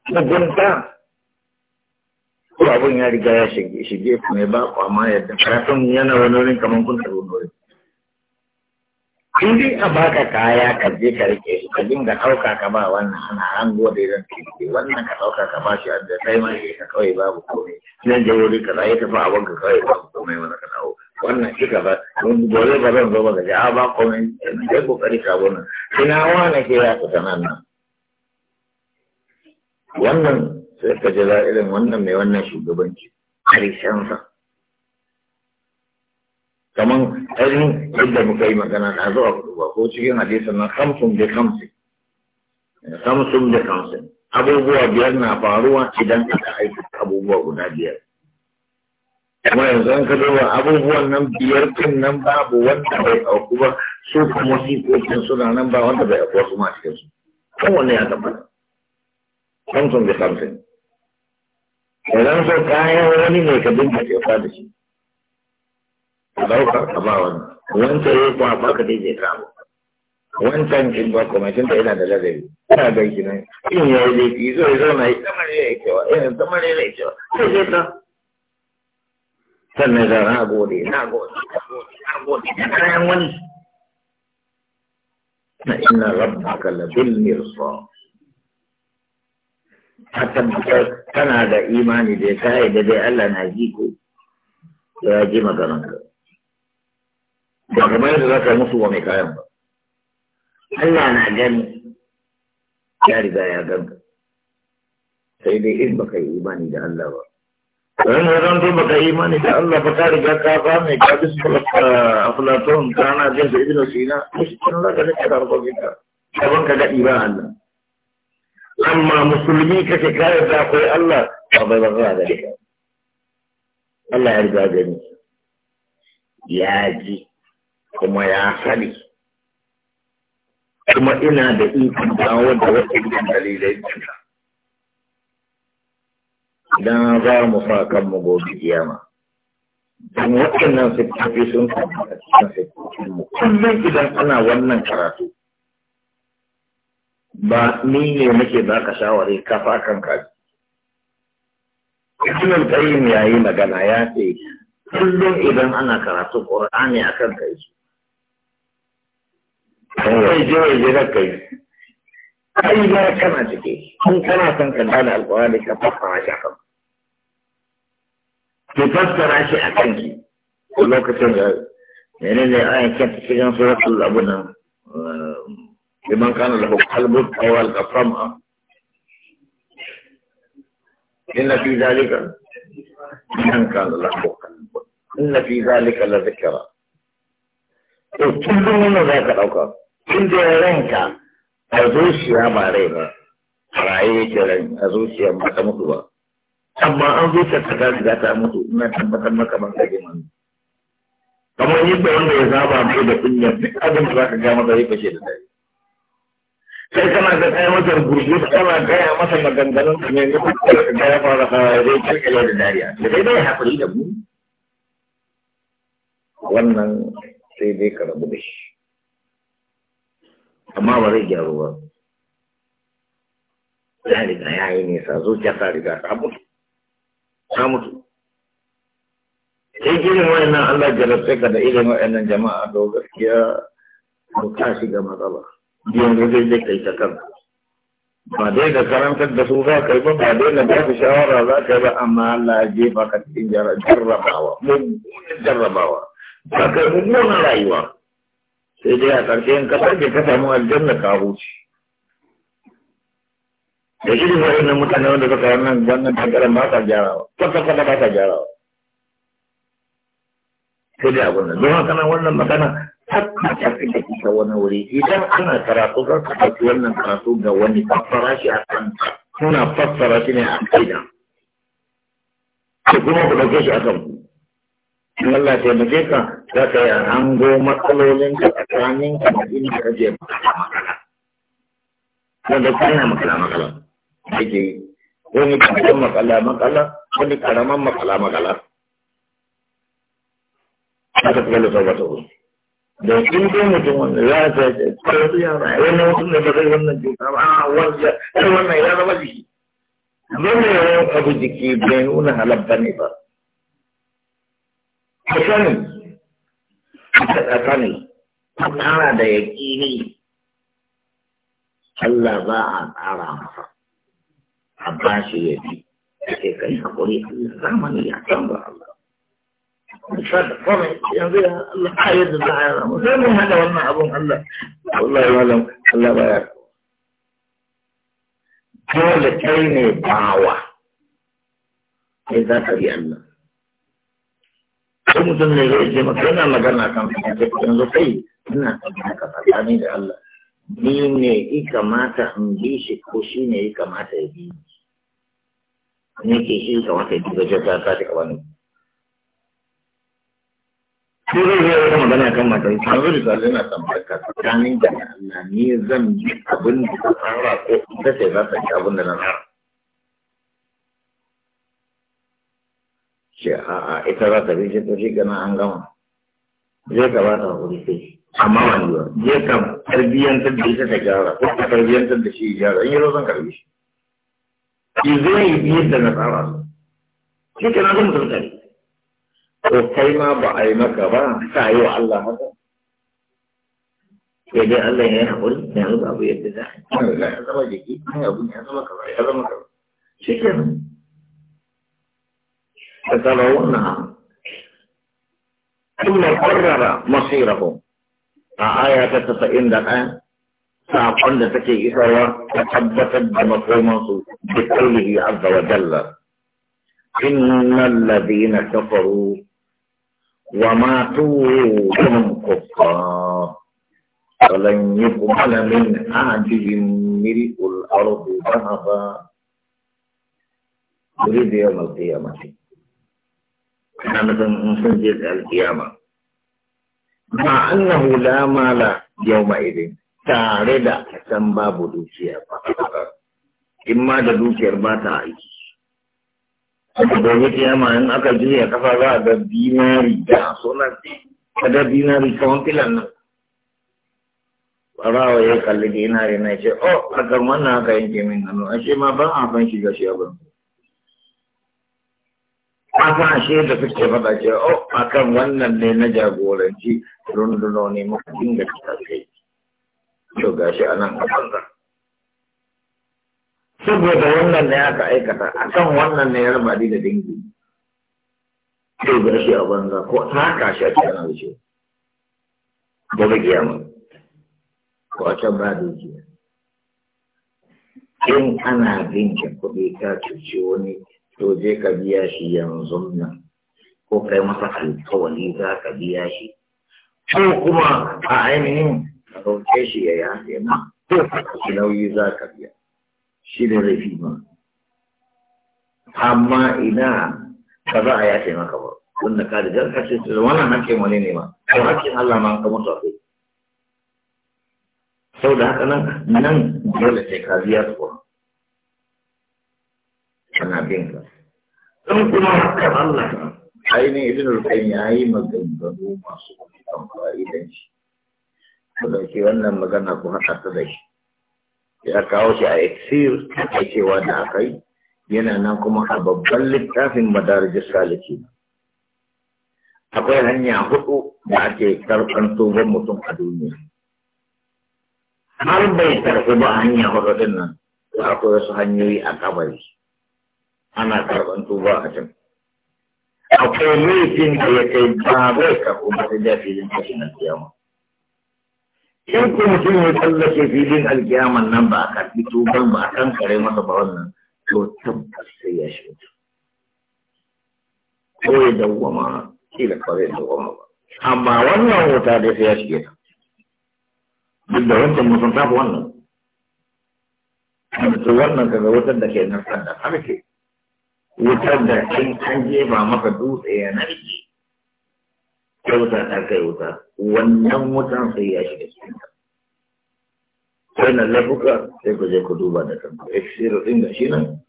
mugunta ko abun ya riga ya shige ku ne ba ku yadda karatun yana wani wurin kamar kun da wani in dai a baka kaya ka je ka rike shi ka dinga ɗauka ka ba wannan ana hango da idan ke wannan ka ɗauka ka ba shi da kai ma ka kawai babu komai nan je wuri ka ka tafi abin ka kawai babu komai wani ka dawo wannan shi gaba gobe ba zan zo ba ga a ba komai ko kokari ka wannan ina wani ke ya fita nan nan wannan sai ka ji irin wannan mai wannan shugabanci karshen sa kaman irin yadda muka yi magana na zuwa kudu ba ko cikin hadisin nan samsun da kamsin samsun da kamsin abubuwa biyar na faruwa idan aka aiki abubuwa guda biyar kuma yanzu an ka duba abubuwan nan biyar din nan babu wanda bai ɗauku ba su kuma sikokin suna nan ba wanda bai ɗauku wasu ma cikin su wani ya tabbata samson da samson zan so kayan wani ne ka dinga kyauta da shi a ɗauka ka ba wani wancan ya kwa ba ka zai kawo wancan kin ba kwamitin ta yana da ladabi yana da nan in ya yi laifi zo ya zauna ya tsamare ya yi kewa yana tamar ya yi cewa sai sai ta sannan da na gode na gode na gode da kayan wani na ina rabbaka labil mirsa a tabbatar tana da imani da ta yi da dai Allah na ji ko ya ji maganar ka ba kamar yadda za ka musu wa mai kayan ba Allah na gani ya riga ya ganka sai dai in baka yi imani da Allah ba Wani zan to baka imani da Allah ba ka riga ka ba mai ka bi su Aflatun ta na jin da Ibn Sina shi kan zaka ne ka rabu ka kaban ka dadi ba Allah amma musulmi kake ka yarda akwai Allah ba bai ba za ka Allah ya riga gani ya ji kuma ya sani kuma ina da ikon dawo da wasu dalilai idan za mu sa kanmu gobe kiyama don waɗannan siffofi sun tabbata cikin siffofin mu kullum idan ana wannan karatu ba ni ne ba baka shawari kafa kan kaji Kullum Qayyim ya yi magana ya ce kullum idan ana karatu Qur'ani akan kai su. Kai je wai je kai. Kai ba kana cike. Kun kana son kan da alƙawari ka fassara shi akan. ki fassara shi a kanki lokacin da menene ayan kanta cikin suratul abuna liman kana lahu qalbun aw al-qasama inna fi zalika liman kana lahu qalbun inna fi zalika la dhikra to kullum wannan za ka dauka inda ranka a zuciya ba rai ba a raye yake rai a zuciya ba ta mutu ba amma an zuciya ta ta riga ta mutu ina tabbatar maka ban kage mani kamar yadda wanda ya zaba mai da kunya duk abin da zaka ga masa yi fashe da dai sai kana da kai masa gurbi kana gaya masa maganganun ka ne ne ko ka ga ya fara fara zai kirkire da dariya da dai dai hakuri da mu wannan sai dai ka rabu da shi amma ba zai gyaru ba ya riga ya yi nisa zuciya ta riga ta mutu ta mutu sai irin wayannan Allah jarabce ka da irin wayannan jama'a da gaskiya ko ka shiga matsala yanzu zai je kai ta kanka ba dai da karantar da su za ka yi ba ba dai da ba shawara za ka yi ba amma Allah ya ba ka cikin jarrabawa mummunan jarrabawa ba ka mummunan rayuwa sai dai a ƙarshen kasar da ka samu aljanna ka huce da irin waɗannan mutane wanda suka yi nan wannan bangaren ba sa gyarawa kwata kwata ba sa gyarawa sai dai abin nan don haka nan wannan magana takka ta fi da ita wani wuri idan ana karatu za ka ɗauki wannan karatu ga wani fassara shi a kan kuna fassara shi ne a kaina ko kuma ku ɗauke shi a kan ku in Allah ta yi ka za ka yi hango matsalolinka ka da inda ka je magana magana wanda kuma yana magana magana ake yi wani karamin makala makala wani karamin makala makala a ta fi ta wuri da sun ko mutum wanda ya ta ce kwararru yara wani mutum ba zai wannan cuta ba a ah, wanda ai wannan ya zama jiki zama yawan abu jiki bai nuna halabba ne ba a sanin a sanin a da yaƙini Allah za a tsara masa a shi ya bi sai kai haƙuri Allah zamani ya san ba Allah yanzu yana Allah za a haɗa wannan Allah Allah ya Allah ba ya dole kai ne bawa kai za ka bi Allah sai mutum ne zai ce maka yana magana kan yanzu kai ina tsammaka tsakani da Allah ni ne i kamata in bi shi ko shi ne i kamata ya bi ni ne ke shi kamata ya duba jirga ta ta wani ko zai zai wata magana kan matan ta zo da zalin na tambayar ka tsakanin da Allah ni zan bi abin da ta tsara ko ita ce za ta ci abin da na tsara ce a'a ita za ta bi shi to shi gana an gama zai gabata wuri sai amma wani ba zai ka tarbiyyantar da ita ta gyara ko ka tarbiyyantar da shi gyara in yi zo zan karbi shi zai yadda na tsara su shi ke na zan tuntari ko kai ma ba a yi maka ba ka yi wa Allah haka sai dai Allah ya yi haƙuri ya yi abu yadda za a yi ya zama jiki ya abu ya zama kaza ya zama kaza shi ke nan ta tsara wannan ثم قرر مصيرهم آية 91 فعقل لتكي إسرى تحبثت بمفهومه بقوله عز وجل إن الذين كفروا وماتوا هم كفار فلن يقبل من أعجهم ملء الأرض ذهبا يريد يوم القيامة كانت مسجد القيامة مع أنه لا مال يومئذ tare da can babu dukiya ba in ma da dukiyar ba ta aiki gobe yamma in aka jiya kafa za a ga dinari da sonar ka da dinari kawon filan nan barawa ya kalli dinari na ce o oh, a karman na aka yanke min hannu ashe ma ban a ban shiga shi abin haka ashe da suke faɗa ce o oh, a kan wannan ne na jagoranci rundunoni muka dinga kai to gashi a nan a banza saboda wannan ne aka aikata a kan wannan ne ya raba ni da dangi to gashi a banza ko ta shi a ana wuce gobe kiyama ko a can ba wuce. in ana binka kuɗi ta cuci wani to je ka biya shi yanzu nan ko kai masa alkawali za ka biya shi ko kuma a ainihin ka ɗauke shi ya yafe ma ko shi nauyi za ka biya shi da zai fi ma amma ina ka za a yafe maka ba wanda ka da jan ce su nan ake wani ne ma ko hakkin Allah ma ka mutu kai. sau da haka nan nan dole sai ka biya su Kana bin ka Sun kuma hakkin Allah ainihin ibn al ya yayi maganganu masu amfani da shi da ke wannan magana ku haɗa ta da shi ya kawo shi a exil a cewa da aka yi yana nan kuma a babban littafin madarajar saliki akwai hanya hudu da ake karɓar tsohon mutum a duniya har bai karɓi ba hanya hudu din nan akwai wasu hanyoyi a kabari ana karɓar tuba a can akwai laifin da ya kai ba zai karɓi ba jafi da filin na alkiyama in kuma mutum ya tsallake filin alkiyaman nan ba a karfi tuban ba a kan kare masa ba wannan to tabbas sai ya shi ko ya dawwama kila kware zai dawwama ba amma wannan wuta dai sai ya shige ta duk da wancan mutum tafi wannan to wannan kaga wutar da ke nan sanda harke wutar da in an jefa maka dutse ya narke kai wuta ta kai wuta wannan wutan sai ya shiga cikin ta na laifuka sai ku je ku duba da kan tafsirin din gashi nan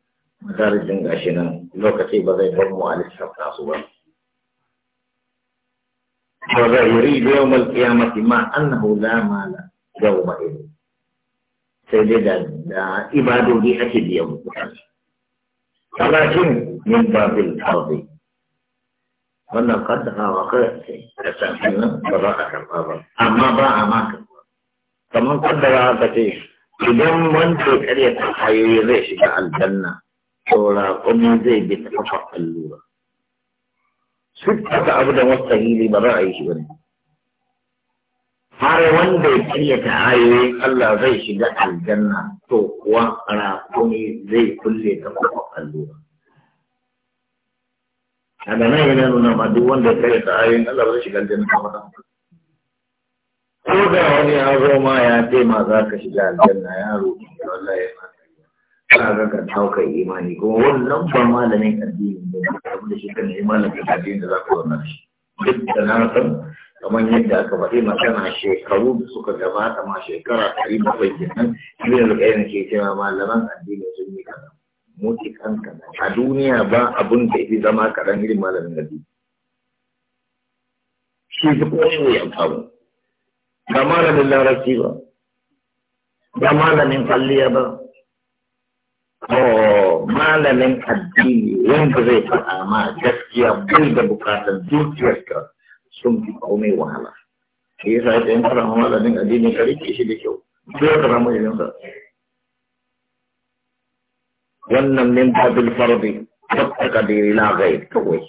madarijin gashi nan lokaci ba zai bar mu a lissafta su ba وذا يريد يوم القيامة ما أنه لا مال يومئذ سيدنا عباده أكيد يوم القيامة ولكن من باب الأرض wannan kaddarawa kawai ce da safi nan ba za a karɓa ba amma ba a ma karɓa kamar kaddarawa ka ce idan wanda ya karya ta hayoyi zai shiga aljanna to raƙumi zai bi ta kafa allura sittata abu da hili ba za a yi shi ba ne. har wanda ya karya ta ayoyin Allah zai shiga aljanna to kuwa rakumi zai kulle ta kuma allura a da nan yana nuna ma duk wanda kai ta ayin Allah ba zai shiga aljanna ba ko da wani ya zo ma ya ce ma za ka shiga aljanna ya roƙi wallahi ya ma ka ka tauka imani kuma wannan ba malamin addini ne da shi kan malamin addini da za ka zauna shi duk da na san kamar yadda aka faɗi magana shekaru da suka gabata ma shekara ɗari bakwai kenan da al ke cewa malaman addini sun yi kaza mu kanka a duniya ba abun da ya zama karan irin malamin nabi shi ta koyi mai amfani ba malamin larabci ba ba malamin kwalliya ba Oh, malamin addini wanda zai faɗa ma gaskiya bai da bukatar dukiyarka sun fi komai wahala. Shi yasa ya tsayin fara malamin addini ka rike shi da kyau. Sai ka samu yanzu wannan من باب الفرض والتقدير لا غير كويس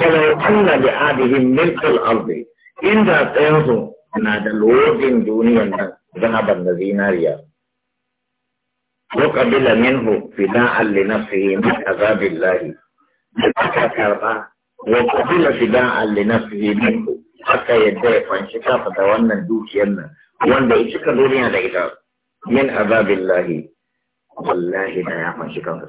ولو أن لأهلهم ملك الأرض إن ذا تنظر أن دلوج ان ذهب النزيناريا وقبل منه فداء لنفسه من عذاب الله وقبل فداء لنفسه منه حتى يدعي فانشكا فتوانا دوكيا وانا اشكا دونيا لإله من عذاب الله wallahi da ya fanshi kansa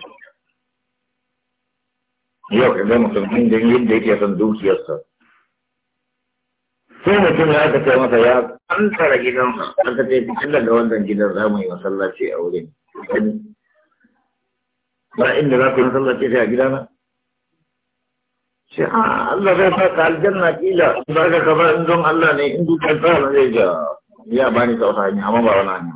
yau ka ga mutum da yadda yake son dukiyarsa sai mutum ya ka ce masa ya an tara gidansa an ka ce fitin daga wannan gidan za mu yi masallaci a wurin ba inda za ku yi masallaci sai a gidana sai a ah, Allah zai sa ka aljanna kila ba ka kaza in don Allah ne in dukiyar tsara zai ga ya bani ta wata hanya amma ba wani hanya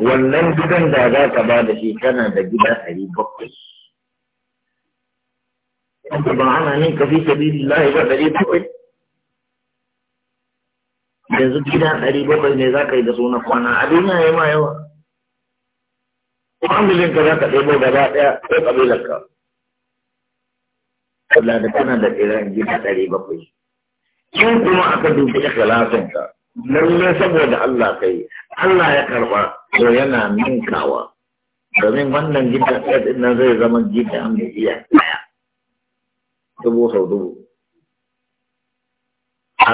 wannan gidan da za ka ba da shi kana da gida ɗari bakwai wanda ba ana ne ka fi sabili lahi ba ɗari bakwai yanzu gida ɗari bakwai ne za ka yi da suna kwana a duniya ya ma yawa familin ka za ka ɗebo gaba ɗaya ko ƙabilar ka Allah da kana da tsiran gida ɗari bakwai in kuma aka dubi ikhlasin ka lalle saboda Allah kai Allah ya karɓa to yana ninkawa domin wannan gidan ɗin nan zai zama gidan iya ɗaya dubu sau dubu a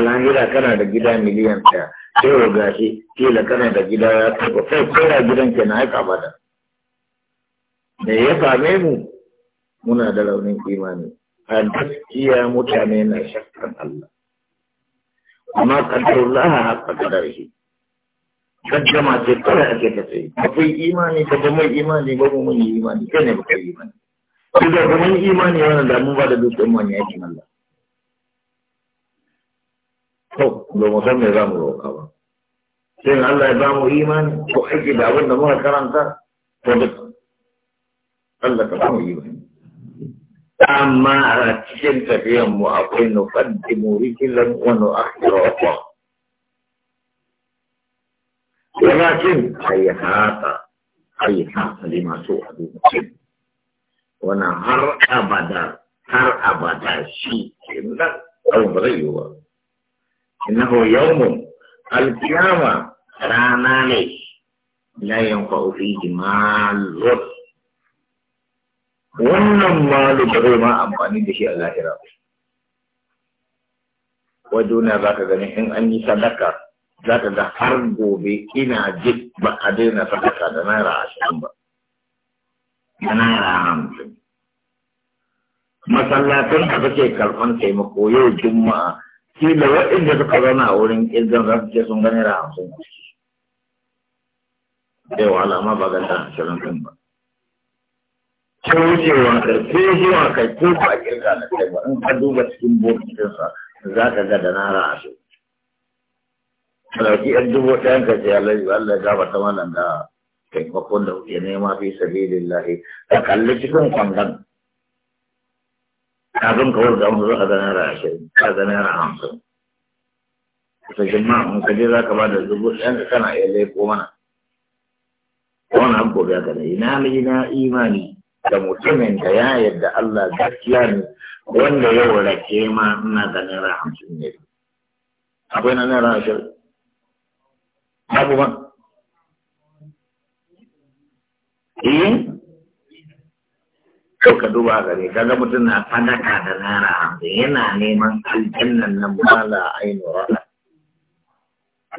kana da gida miliyan ɗaya sai wa gashi kila kana da gida ya taɓa kai kera gidan ke na aika bada da ya same mu muna da raunin imani a gaskiya mutane na shakkan Allah amma kaddarullah haka kadar shi gaddama ce kawai ake ta tsaye akwai imani ka ga mai imani ba mu mun yi imani kai ne ba kai imani duk da mun imani wannan da mun ba da dukkan mun yaki Allah to ba mu san me za mu ba sai Allah ya ba mu imani ko aiki da abin mu karanta to duk Allah ka ba mu imani amma a cikin tafiyan mu akwai nufaddimu rikilan wa nu'akhiru Allah yana cin hayyata hayyata da masu abincin wani har abada har abada shi inda kawai ba zai yi wa ina ho yau mu rana ne na yin kwa'ufi ji malon wannan malo ba zai ma amfani da shi a lahira wajuna za ka gani in an yi sadaka za ta da har gobe ina ji ba a daina sadaka da naira ashirin ba da naira hamsin masallatan da kake karɓar taimako yau juma'a shi da waɗanda suka zauna a wurin ƙirgan za su ce sun ga naira hamsin zai wahala ma ba ga naira ashirin ɗin ba ko wucewa kai ko zuwa kai ko ba ƙirga na kai ba in ka duba cikin bokitinsa za ka ga da naira ashirin ɗauki yan dubu ɗayan ka ce Allah Allah ya gaba ta wannan da taimakon da ya nema fi lahi ka kalli cikin kwangan zan ka da wani zuwa zanen rashin ashirin ka ga naira hamsin to jama'a in ka je za ka ba da dubu ɗayan ka kana iya laifo mana wani gobe ka ne ina mai na imani da mutumin da ya yadda Allah gaskiya ne wanda ya wurake ma ina zanen naira hamsin ne akwai na naira rashin babu ban eh kau ka duba gare kaga mutum na sadaka da naira hamsin yana neman aljannan nan mala ainu ra'a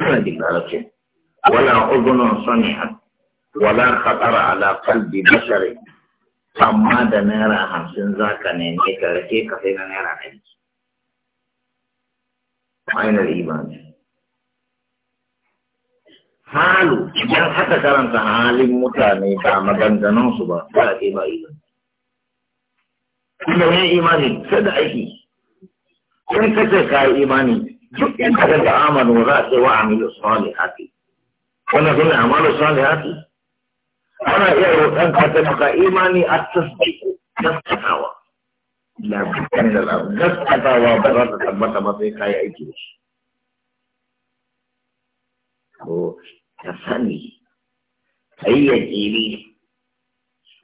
ana jin larabci wala uzunun sami'at wala khatara ala qalbi bashari amma da naira hamsin za ka nemi ka rake ka sai na naira ɗari ainihin imani halu idan aka karanta halin mutane ba maganganunsu ba za a ba iman kuma yin imani sai da aiki in ka ce ka yi imani duk in ka ga amanu za a ce wa amilu salihati wannan sune amalu hafi? ana iya roƙon ka ta maka imani a tasdiqu gaskatawa la bukkan da la gaskatawa ba za ta tabbata ba sai ka yi aiki da shi ka sani ka yi yaƙiri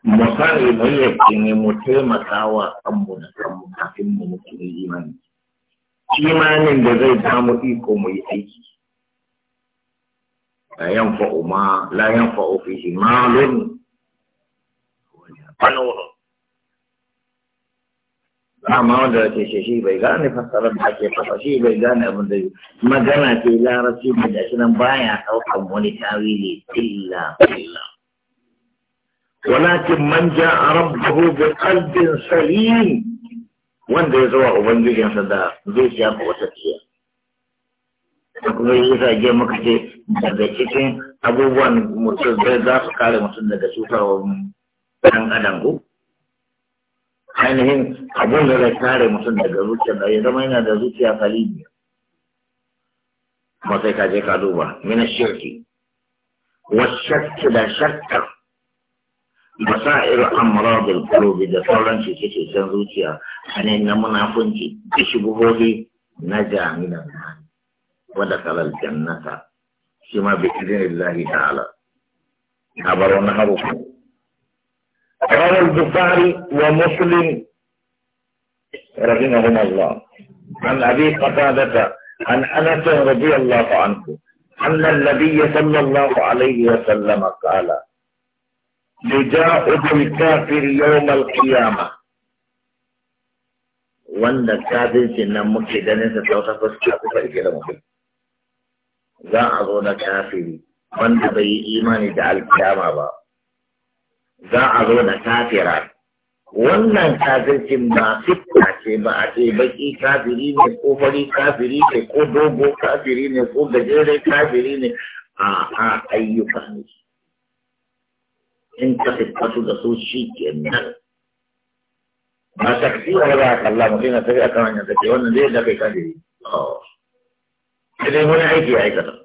mu sani mu mu taimaka wa kanmu da kanmu kafin mu mutu ne imani imanin da zai samu iko mu yi aiki la yanfa'u ma la yanfa'u fihi malun amma wanda ake ce shi bai gane fassarar da ake fasa shi bai gane abin da magana ce larabci da gashi nan baya daukan wani tawili illa illa walakin man ja'a rabbahu bi qalbin salim wanda ya zuwa sa da zuciya ko wata ciya kuma yi sa je muka ce daga cikin abubuwan mutum zai za su kare mutum daga cutarwar ɗan adam ko ainihin abin da zai kare mutum daga zuciya da ya zama yana da zuciya kalibi kuma sai ka je ka duba mina shirki wasu da shakkar basa'ir amradul qulubi da sauran cece-cecen zuciya ainihin na munafunci da shubuhohi na jami'an wadda kalal jannata shi ma bi idinillahi ta'ala na bar wani harufu قال البخاري ومسلم رحمهما الله عن ابي قتاده عن انس رضي الله عنه ان النبي صلى الله عليه وسلم قال يجاء بالكافر يوم القيامه وند كافر سنة مكيدة نسا توقع بس كافر فالكيدة مكيدة ذا كافر وند بي إيمان جعل كياما باب za a zo da kafira wannan kafircin ba fitta ce ba a ce baki kafiri ne ko fari kafiri ne ko dogo kafiri ne ko gajere kafiri ne a a ayyuka ne in ka fitatu da su shi ke nan ba ta taksiyar ba a kalla mutum na tafi a kan hanyar da wannan zai da kai kafiri. Oh. Sai dai wani aiki ya aikata.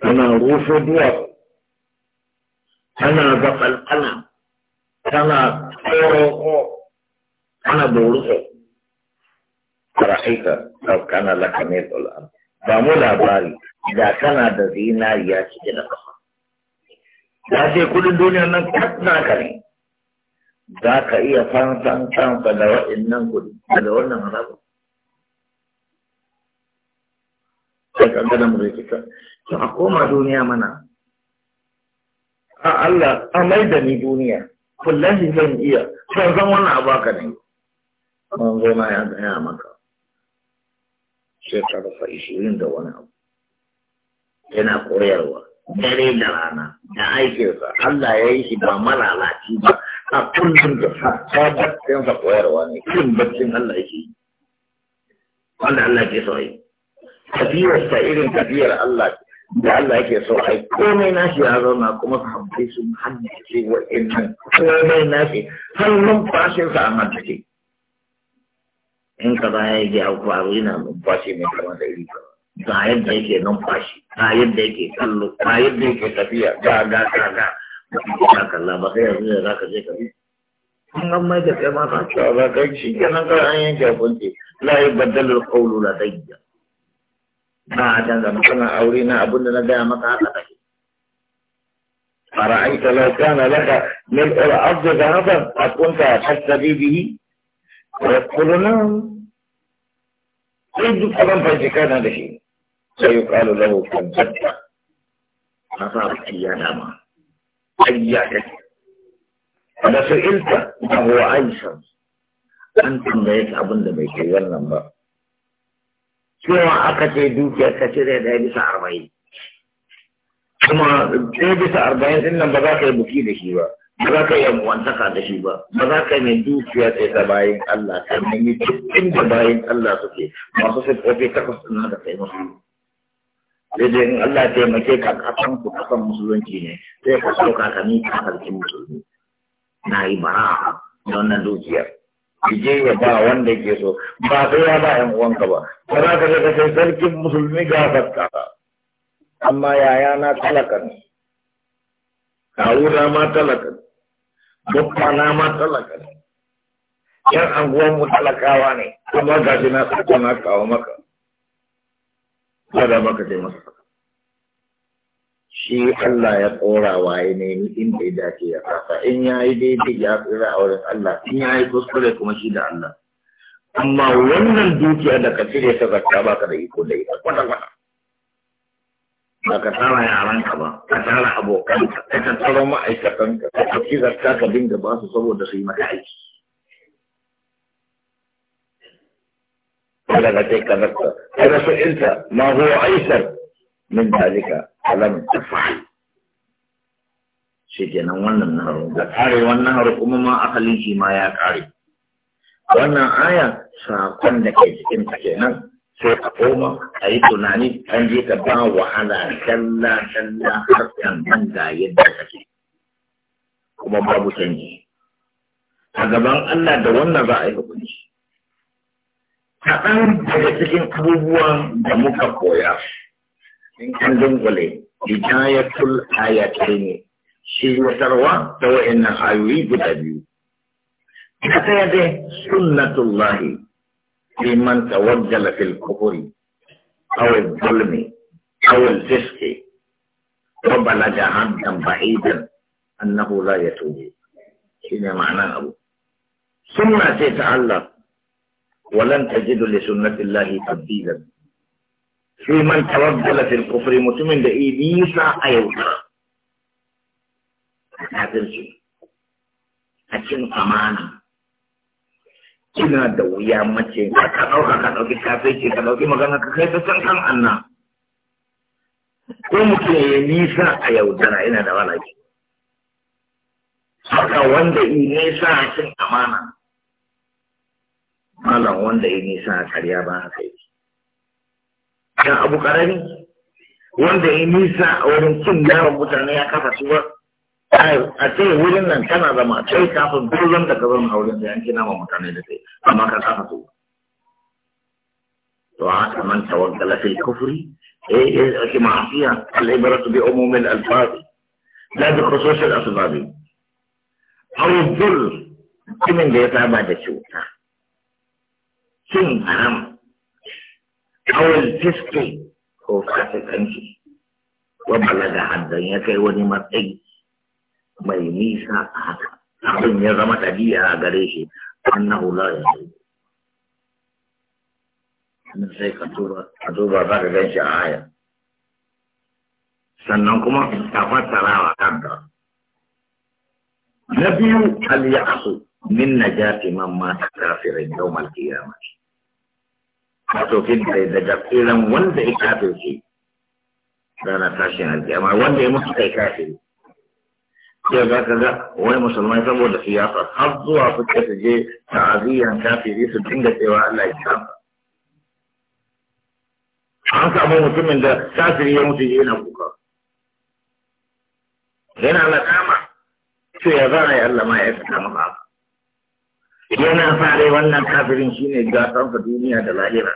tana rufe duwar tana zaɓalɓala tana tsoro tana doruso ra'aika kana laka mai tsola ba mu labari da kana da zinariya cike da ƙasa Ya ce kudin duniya nan kasna ka ne za ka iya fansan kansa da wa'annan kudi da wannan harabar sai ka gana mu rikitar sun a koma duniya mana a Allah a mai da ni duniya kullahi zan iya zan san wannan abu aka ne manzo na ya gaya maka shekara fa ishirin da wani abu yana koyarwa dare da rana da aikinsa Allah ya yi shi ba malalaci ba a kullum da hatta ta koyarwa ne kin baccin Allah yake wanda Allah ke so yi sa irin tafiyar Allah ke. da Allah yake so ai komai nashi ya zauna kuma su hamsai su haddace wa'annan komai nashi har fashin sa a haddace in ka ba ya ji abu faru yana numfashi mai kama da iri ga yadda yake numfashi ga yadda yake kallo ga yadda yake tafiya ga ga ga ga ba kalla ba sai yanzu da za ka je ka bi an ga mai da kai ma ka cewa ba kai shi kenan kai an yanke hukunci la yi kawulu qawlu ladayya أرأيت لو كان لك ملء الأرض ذهبا أكنت بي به ويقول نعم يجد قدم كان به سيقال له كذبت فصار أيانا ما أياك سئلت ما هو أيسر أنتم ليس أبن يا يلنبا cewa aka ce dukiyar ka cire ɗaya bisa arba'in kuma ɗaya bisa arba'in ɗin nan ba za ka yi buki da shi ba ba za ka yi wantaka da shi ba ba za ka yi mai dukiya sai ta bayan Allah ta nemi cikin da bayan Allah suke masu sai kofi takwas ɗin nan da kai musu daidai in Allah ya taimake ka kasan ku kasan musulunci ne sai ka sauka ka ni ka musulmi na yi bara da wannan dukiyar je ya ba wanda ke so ba sai ya ba yan uwanka ba ba za ka ga sai sarkin musulmi ga zakka amma yaya na talaka ne kawuna ma talaka ne na ma talaka ne yan anguwan mu talakawa ne amma ga shi na sakon na kawo maka ba da maka ce masa shi Allah ya tsora wa ya nemi inda ya dace ya kasa in ya yi daidai ya tsira a wurin Allah in ya yi kuskure kuma shi da Allah amma wannan dukiya da ka cire ta zarta ba ka da iko da ita kwata kwata ba ka tara yaranka ba ka tara abokan ka ka tsaro ma'aikatan ka Ka ɗauki zarta ka dinga ba su saboda su yi maka aiki daga sai ka zakka ka rasu inta ma huwa aisar min dalika alam tafal shi kenan wannan naharu da kare wannan naharu kuma ma halin shi ma ya kare wannan aya sakon da ke cikin ta kenan sai a koma a yi tunani an je ka ba wahala talla talla har kan nan ga yadda kake kuma babu canji a gaban Allah da wannan za a yi hukunci kaɗan daga cikin abubuwan da muka koya in an dungule hidayatul ayatain shirwatarwa ta wa'annan ayoyi guda biyu ta ɗaya dai sunnatullahi fi man tawajjala fil kufri aw al-zulmi aw al-fisqi wa balaga haddan ba'idan annahu la yatubu shine ma'anan abu sunna ce ta Allah ولن تجد لسنة الله تبديلا fi man tawaddala fil kufri mutumin da ibisa a yau kafirci a cin amana kina da wuya mace ka ka dauka ka dauki kafirci ka dauki magana ka kai ta san kan annan ko mutum ya nisa a yaudara ina da walaki haka wanda yi nisa a cin amana malam wanda yi nisa a karya ba haka yake dan abu karami wanda ya nisa a wurin cin yaron mutane ya kafa su a ce wurin nan kana zama kai kafin kullum da ka zama a wurin da yanki nama mutane da kai amma ka kafa su to haka man tawaggala fil kufri eh eh ma'asiya al-ibratu bi umum al-alfaz la bi khusus al-asbab aw dhul kimin da ya saba da cuta cin haram أو الفسق هو فاسق أنشي وبلغ حدا يكي وني مرئي ميميسا يميسا حقا أبن يزمت أبيها أغريشي أنه لا يصيب أنا سيك أتوبة أتوبة ذاك ليش آية سننكما تفتراوا كبدا نبي اليأس من نجاة من مات كافر يوم القيامة wato da daga tsiran wanda ya kafirce rana tashin alkiyama wanda ya mutu kai kafiri sai za ka ga wai musulmai saboda siyasa har zuwa suke su je ta'aziyyar kafiri su dinga cewa Allah ya kafa an samu mutumin da kafiri ya mutu yana kuka yana nadama sai ya zana ya Allah ma ya saka masa yana fare wannan kafirin shine gasansa duniya da lahira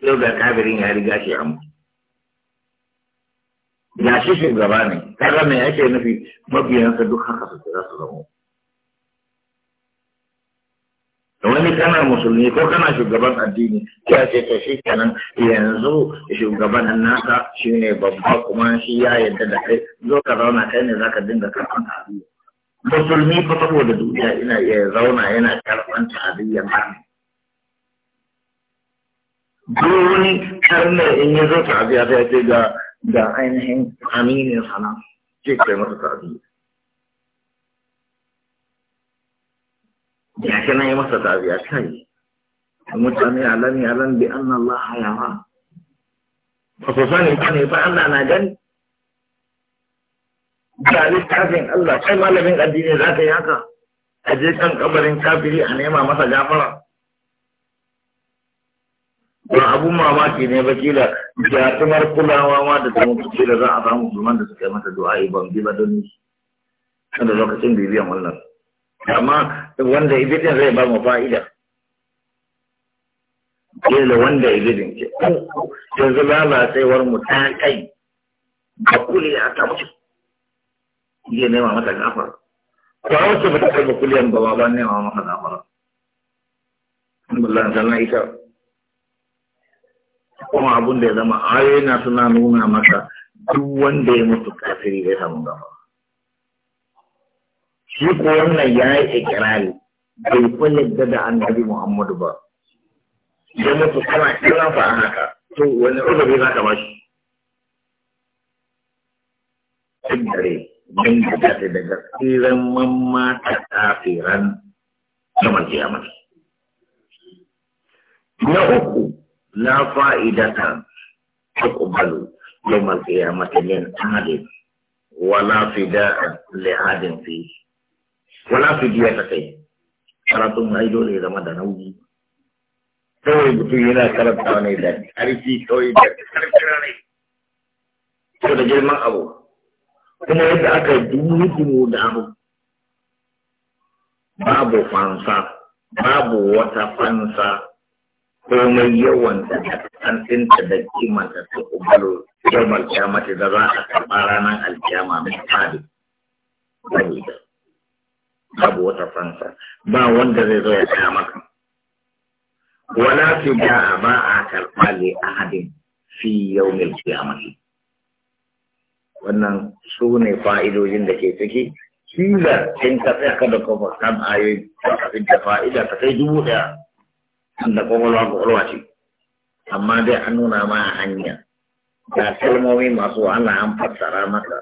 yau ga kafirin ya riga shi amma ya shi shugaba ne kaga me yake nufi mabiyansa duk haka su kira su Da wani kana musulmi ko kana shugaban addini ya ce ta shi kenan yanzu shugaban nasa shine babba kuma shi ya yadda da kai zo ka zauna kai ne zaka dinga karɓar addini musulmi ba saboda duniya ina iya zauna yana karɓar tarayyar hannu duk wani karnar in ya zo ta'aziyya ta ce ga ga ainihin aminin sana ce kai masa ta'aziyya ya ke na yi masa ta'aziyya kai mutane alani alan bi anna Allah ya ma ba su sani ba ne ba Allah na gani ga littafin Allah kai malamin addini za ka yi haka a je kan kabarin kafiri a nema masa gafara ba abun mamaki ne ba kila jatumar kulawa ma da samun kuce da za a samu musulman da suka yi mata du'a'i ban bi ba don ni da lokacin bibiyan wannan amma wanda ibidin zai ba mu fa'ida kila wanda ibidin ce yanzu lalatsewar mu ta kai ba kuli a ta zai nema mata gafara kwarar su ba ta karɓa kuliyan ba ba nema mata gafara Allah na ita kuma abun da ya zama ayoyi na suna nuna maka duk wanda ya mutu kafiri zai samu gafara shi ko wannan ya yi ikirari bai kulle da annabi Muhammadu ba ya mutu kana kiran fa haka to wani uzuri za ka bashi dare don da dace daga siran mamma ta kafiran kamar kiyamata. Na uku, la fa'idata ta ƙubalu yawon kiyamata min adin wala fida li adin fi. Wala fidiya ta kai, karatun ai dole zama da nauyi. Kawai mutum yana karanta ne da ƙarfi kawai da ƙarfi ne. Ko da girman abu, kuma yadda aka dumu da abu babu fansa babu wata fansa komai yawan da an tsinta da kimanta ta kubalo yawmal kiyamati da za a karɓa ranar alkiyama mai tsari babu wata fansa ba wanda zai zo ya tsaya maka wala fi ba a karɓa li ahadin fi mai kiyamati wannan su ne fa'idojin da ke ciki shi da sun tsaya ka da kofar kan ayoyi ka da fa'ida ta kai dubu ɗaya da kwakwalwa kwakwalwa ce amma dai an nuna ma a hanya ga kalmomi masu wahala an fassara maka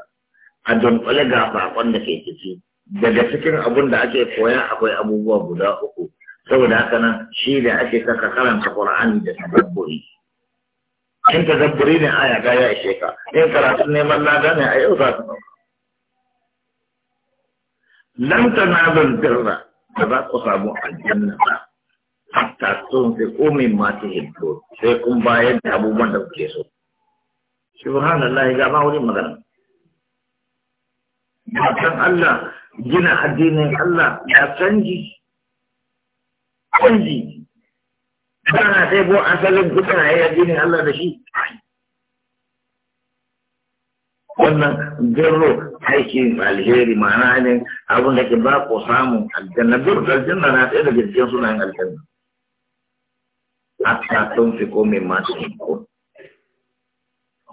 a dunkule ga bakon da ke ciki daga cikin abun da ake koya akwai abubuwa guda uku saboda haka nan shi da ake saka karanta qur'ani da tadabburi in ta zabburi ne aya ga ya ishe ka in karatu neman lada ne a yau za ka dauka lan zan birra ba za ku samu aljanna ba hatta sun sai komai masu hibbo sai kun bayan da abubuwan da kuke so subhanallah ga ma wurin magana kan Allah gina addinin Allah ya canji ana sai ko asalin duka ya yi addinin Allah da shi wannan jirro aikin alheri ma'ana ne abin da ke ba ko samun aljanna duk aljanna na da jirgin cikin sunayen aljanna hatta sun fi ko mai masu ko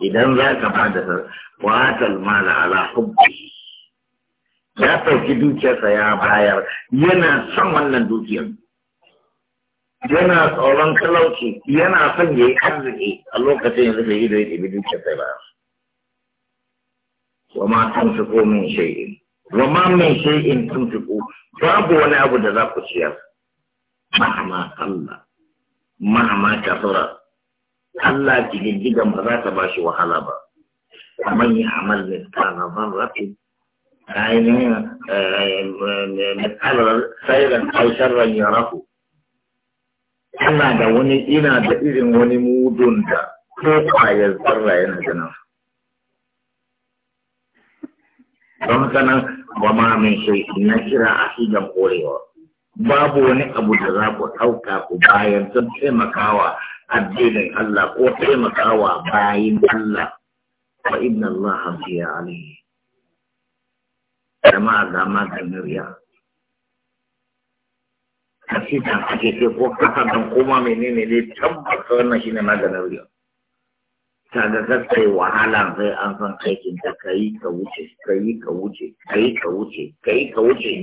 idan za ka ba da kwatal mala ala hubbi ya ɗauki dukiyarsa ya bayar yana son wannan dukiyar yana tsoron talauci yana son ya yi arziki a lokacin ya rufe ido ya ɗibi dukiyar ba wa ma ko min shay'in wa ma min shay'in ko. babu wani abu da za ku ciyar mahama Allah mahama kafara Allah ki jigiddigan ba za ta ba shi wahala ba kamar yi amal miskala rafi. ainihin eh, eh, eh, miskalar sairan aisharran ya rafu ina da wani ina da irin wani mudun da ko ya zarra yana gina. nan don haka ba ma min shai na kira a shigan korewa babu wani abu da za ku ɗauka ku bayan sun taimakawa addinin Allah ko taimakawa bayan Allah wa inna Allah hafiya alaihi jama'a zama da riya kashi da ake ce ko kasa don koma menene ne tabbata wannan shi ne maganin riya ta ga kai wahala sai an san aikin ta ka yi ka wuce ka yi ka wuce ka yi ka wuce ka yi ka wuce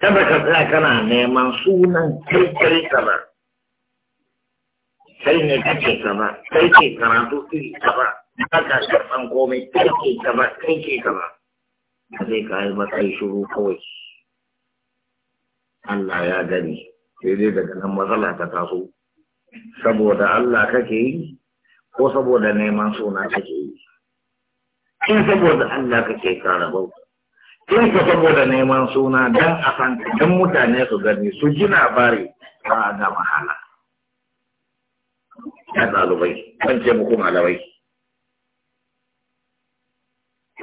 tabbata sai kana neman sunan kai kai kaza kai ne kake kaza kai ke karatu iri kaza haka karɓan komai kai ke kaza kai ke Ka sai ka yi matsayi shuru kawai eh. Allah ya gani sai dai daga nan matsala ta taso saboda Allah kake yi ko saboda neman suna kake yi in saboda Allah kake kara bauta in ka saboda neman suna dan a san dan mutane su gani su ji labari ba ga mahala ya ɗalibai ban ce muku malamai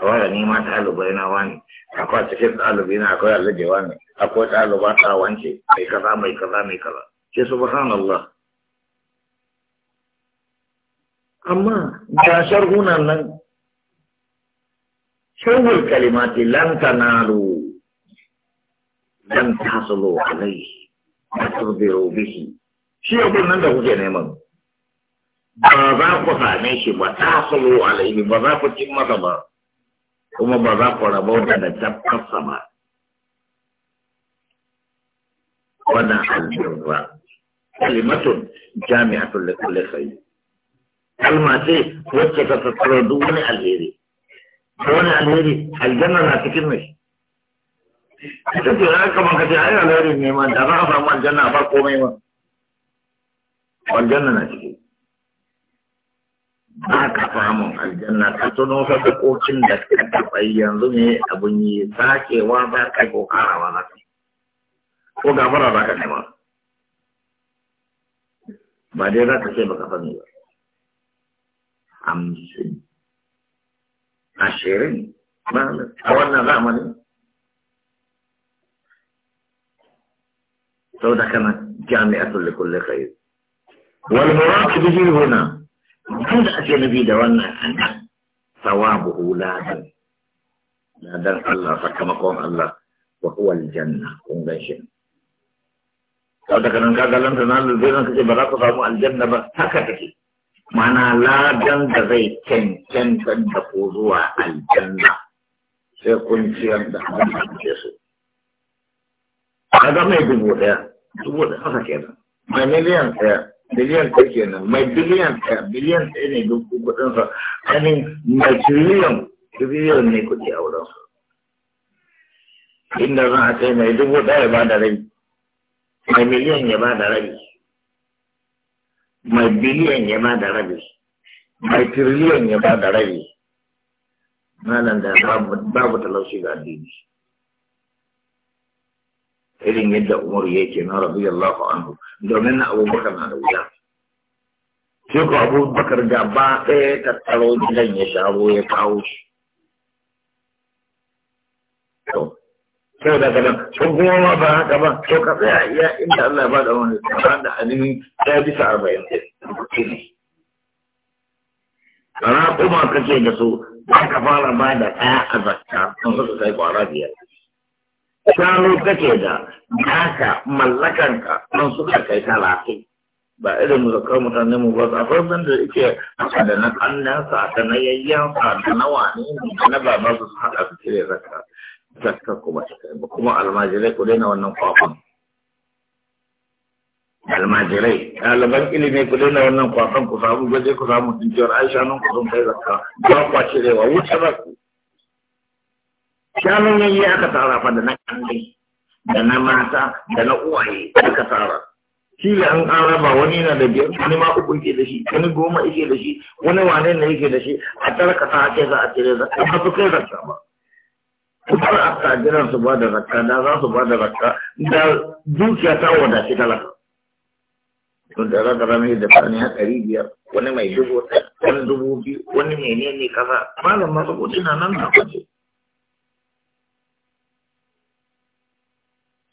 wanda ni ma ɗalibai na wani akwai cikin ɗalibi na akwai allajewa ne akwai ɗaliba ta wance mai kaza mai kaza mai kaza ce subhanallah amma ga sharhunan nan shawar kalimati lan tanalu lan tahsulu alai tasbiru bihi shi abun nan da kuke neman ba za ku same shi ba salo alai ba za ku cin masa ba kuma ba za ku rabauta da dabbar sama wannan albirru ba kalimatun jami'atul likulli khair kalma ce wacce ta tattaro duk wani alheri wani alheri aljanna na cikin mai ita ce ya kama ka ce ai alheri ne ma da za a samu aljanna ba komai ba aljanna na cikin ba ka samun aljanna ka tuno ka da kokin da ka taɓa yanzu ne abun yi sakewa ba ka ko karawa za ka ko gafara za ka nema ba dai za ka ce ba baka sani ba hamsin ashirin a wannan zamanin sau da kana jami'atul likulli khair wal murad bihi huna abin da ake nufi da wannan a nan sawabu ladan ladan Allah sakamakon Allah wa huwa aljanna kun gan shi sau daga nan kaga lanta na lulluɓe kace ba za ku samu aljanna ba haka take mana ladan da zai cancanta da ku zuwa aljanna sai kun ciyar da abin da kuke so kaga mai dubu ɗaya dubu ɗaya haka kenan mai miliyan ɗaya biliyan ta kenan mai biliyan ka biliyan ta ne duk kuɗin sa ainihin mai triliyan triliyan ne kudi a wurin inda zan a kai mai dubu daya ba da rabi mai miliyan ya ba da rabi mai biliyan ya ba da rabi mai triliyan ya ba da rabi malam da babu talauci ga addini إلين يدى أمور يأتي أنا رضي الله عنه دوننا أبو بكر من أبو جعب شوك أبو بكر جعبا تتلو جدن يشعبو يتعوش شو ده كلام شوك هو ما بهاك أبا شوك يا يا إن شاء الله بعد أمان الإسلام ده أنا من سادس أربعين أنا أقول ما كنت يجسو ما كفالة بعد أه أبا شعب نصر سيكو عراجي يعني shanu kake da naka mallakanka don suka kai talatin ba irin zakar mutane mu ba za a da ike haka da na kannansa da na yayyansa da na wani da na ba su haka su cire zaka zaka kuma ba kuma almajirai ku daina wannan kwakwan almajirai ɗaliban ilimi ku daina wannan kwakwan ku samu gwaje, ku samu tunciyar aisha nan ku sun kai zaka ba kwa cirewa wuce ba ku shanun yayi aka tsara fa da na kanne da na mata da na uwaye aka tsara shi da an ba wani na da biyar wani ma uku yake da shi wani goma yake da shi wani wane ne yake da shi a tarka ta ake za a tere zaka ba su kai zaka ba kuma a tajiran su ba da zaka da za su ba da zaka da dukiya ta wadace talaka da zaka rami da fani a ɗari biyar wani mai dubu ɗaya wani dubu biyu wani menene kaza malam ma kuɗi na nan da kwace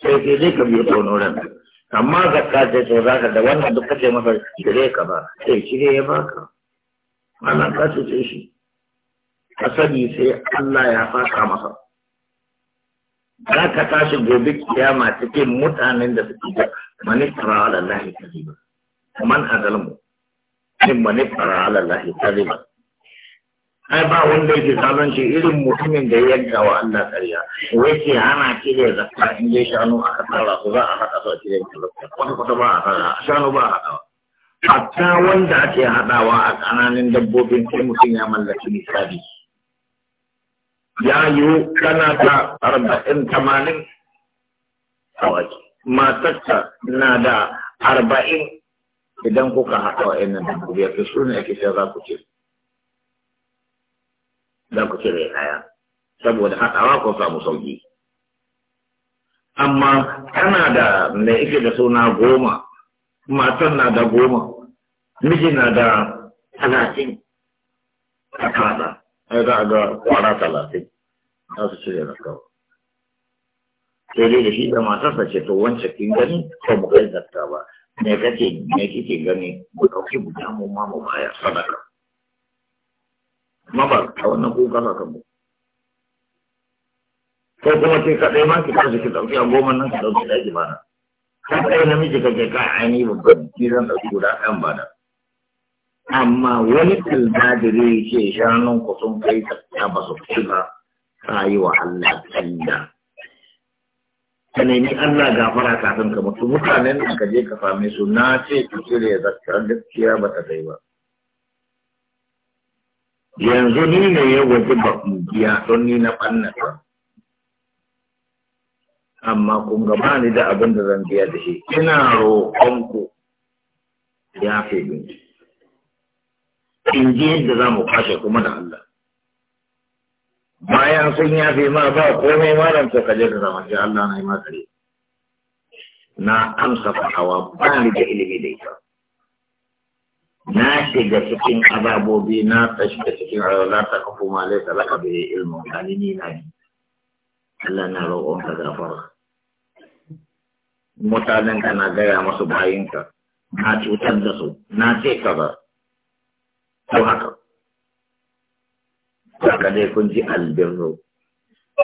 sai sai dai ka biyo ta ran amma zakka ce to za ka da wannan duk kace masa dire ka ba sai shi ne ya baka wannan ka ce shi asali sai Allah ya faka masa za ka tashi gobe kiyama cikin mutanen da suke da manifara ala lahi kaziba man azalmu min fara ala lahi kaziba ai ba wanda yake zalunci irin mutumin da ya gawa wa Allah ƙarya wace ana kire zakka in dai shanu aka tsara su za a haɗa su a kire zakka kwata kwata ba a haɗa shanu ba a haɗa hatta wanda ake haɗawa a ƙananin dabbobin sai mutum ya mallaki misali ya yiwu kana ta arba'in tamanin awaki matarka na da arba'in idan kuka haɗa wa'annan dabbobi a fi su ne ake sai za ku ce dan ku cire kaya saboda haka haɗawa ku samu sauki amma kana da mai ike da suna goma matan na da goma miji na da talatin a kaɗa ai za a ga kwara talatin za su cire na kawo sai dai da shi da matarsa ce to wancan kin gani ko mu kai zakka ba me kake me kike gani mu ɗauki mu damu ma mu baya sadaka mabar a wannan kuka sakamako ko kuma ke kaɗai ma ki kansu ki ɗauki a goma nan ki ɗauki ɗaki ba na ka ɗaya namiji ka ke kan ainihi babban ki zan ɗauki guda ɗan ba da amma wani almajiri ce shanun ku sun kai ta ba su kai ba ta yi wa Allah tsalla ka nemi Allah gafara kafin ka mutu mutanen da ka je ka same su na ce ki cire zakkar gaskiya ba ta kai ba yanzu ni ne ya waje ba biya don ni na ba amma kun gaba ni da abin da zan biya da shi ina ku ya fi bin in ji yadda za mu kwashe kuma da Allah bayan sun ya fi ma ba komai malam to kaje da zama shi Allah na yi makare na amsa fa'awa ba ni da ilimi da ita ناتي جسكين عذابو بي ناتش جسكين لا تقفو ما ليس لك به علم علمي لاني ألا نارو أنت غفر متعلن كنا جايا ما سبعينك ناتي وتندسو ناتي كذا تو حقا يكون جي البر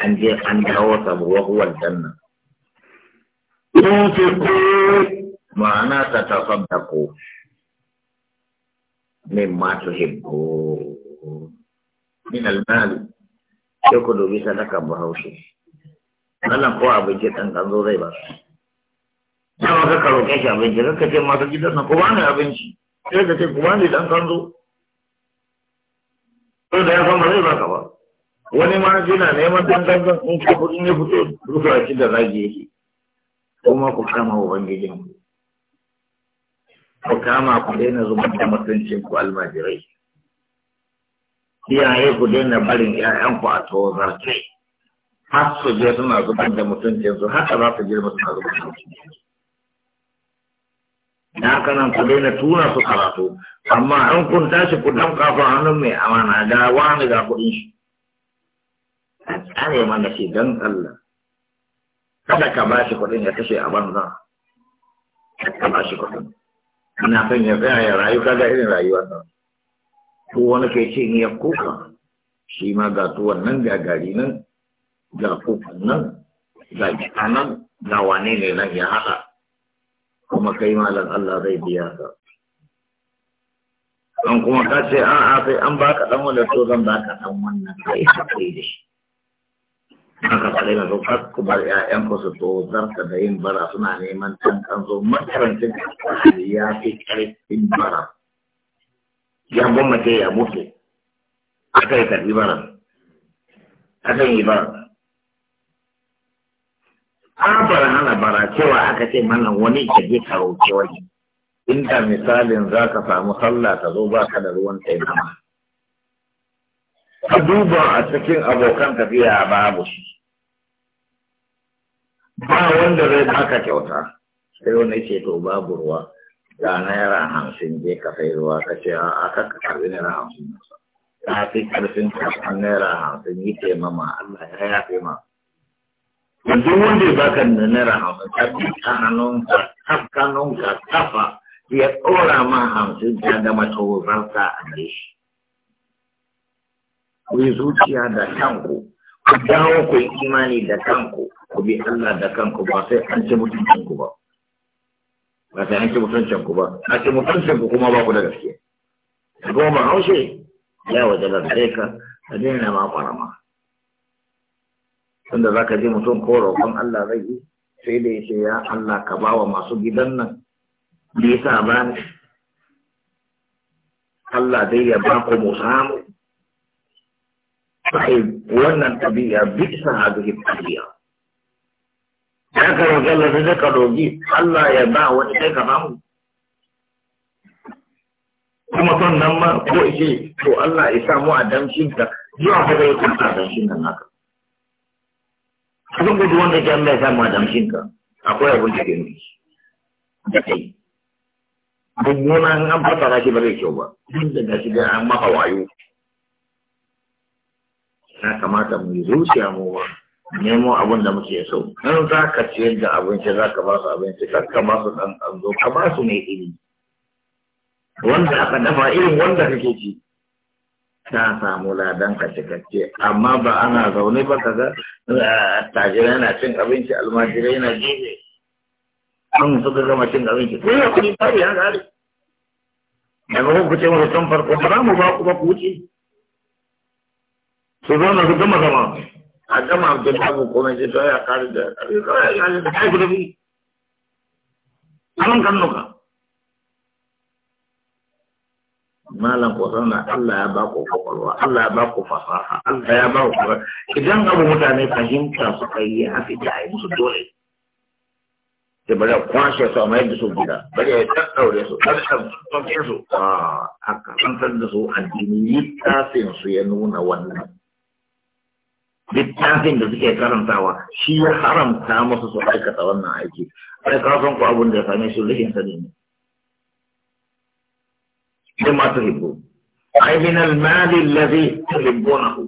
أن جي أن جاوسب وهو الجنة تنفقوا معنا تتصدقوا مما تحبون من المال يقول بيسا لك بهوشي أنا قوى abinci ɗan تنظر zai ba su dama ka karo لك abinci ka ce masu gidan na kuma ne abinci ka ko da ya ba zai ka ba wani ma yana neman ɗan in ka kuɗin ya fito rufe a cikin da zagi yake kuma ku kama ubangijinku ku kama ku daina zubar da mutuncin ku almajirai iyaye ku daina barin 'ya'yanku a tozarce har su je suna zubar da mutuncin su haka za su girma suna zubar da mutuncin su da ku daina tura su karatu amma an kun tashi ku dan kafa hannun mai amana ga wani ga kuɗin shi a tsare mana shi don Allah kada ka ba shi kuɗin ya kashe a banza ka ba shi kuɗin ana son ya tsaya ya rayu kaga irin rayuwar nan ko wani ke ce ya kuka shi ma ga tuwon nan ga gari nan ga kukan nan ga gida nan ga wane ne nan ya haɗa kuma kai malam Allah zai biya ka an kuma ka ce a'a sai an baka dan wanda to zan baka dan wannan kai haƙuri da shi haka faɗi na zuwa ku bar ƴaƴan ku su tozarta da yin bara suna neman can kan zo makarancin ya fi ƙarfin bara ya gwamnati ya kai aka yi bara bara kan yi bara an bara hana bara cewa aka ce mana wani kaje je ka roke inda misalin za ka samu sallah ka zo ba ka da ruwan taimama ka duba a cikin abokan tafiya babu shi ba wanda zai baka kyauta sai wani ce to babu ruwa ga naira hamsin je ka sai ruwa ka ce a aka ka karbi naira hamsin ka fi karfin karfan naira hamsin yi taimama Allah ya yafe ma yanzu wanda ya baka naira hamsin ka bi ka hannunka kaf ka kafa ya tsora ma hamsin ta gama tsoron zarta a shi ku yi zuciya da kanku ku dawo ku yi imani da kanku ku bi Allah da kanku ba sai an ci mutuncinku ba ba sai an ci mutuncinku ba a ci mutuncinku kuma ba ku da gaske goma haushe ya waje da gare ka ka daina ma kwarama tunda za ka ji mutum ko roƙon Allah zai yi sai da yake ce ya Allah ka ba wa masu gidan nan bisa ba ne Allah dai ya ba ku mu samu طيب وانا طبيعة بئس هذه الطبيعة haka magana da zaka rogi Allah ya ba wani sai ka samu kuma sannan ma ko ishe to Allah ya samu a damshin ka zuwa ka zai kuma a damshin nan haka sun gudu wanda ke Allah ya samu a damshin akwai abin ke nufi da kai mummuna an fasara shi ba zai kyau ba duk da gashi da an maka wayo ya kamata mu yi zuciya mu ba nemo abin da muke so in za ka ciyar da abinci za ka ba su abinci kar ka ba su ɗan ƙanzo ka ba su mai iri wanda aka dafa irin wanda kake ci ta samu ladan ka cikakke amma ba ana zaune ba ga eh, tajirai na cin abinci almajirai na jefe. an suka gama cin abinci ko ya kuɗi fari ya gari daga ku ce mu san farko ba mu ba ku ba ku wuce su zauna su gama zama a gama abin babu komai sai ta ya kare da kare kawai ya yi da kai guda biyu an kan nuka malam ko zauna Allah ya ba ku kwakwalwa Allah ya ba ku fasaha Allah ya ba ku idan abu mutane fahimta su kai ya fi da yi musu dole sai bari a kwashe su a mayar da su gida bari a tattaure su ɗan ɗauke su ah, a kasantar da su addini littafin su ya nuna wannan littafin da suke karantawa shi ya haramta musu su aikata wannan aiki ai ka san ku abin da ya same su rikin sani ne da ma su hibbo ai min al mali allazi tuhibbunahu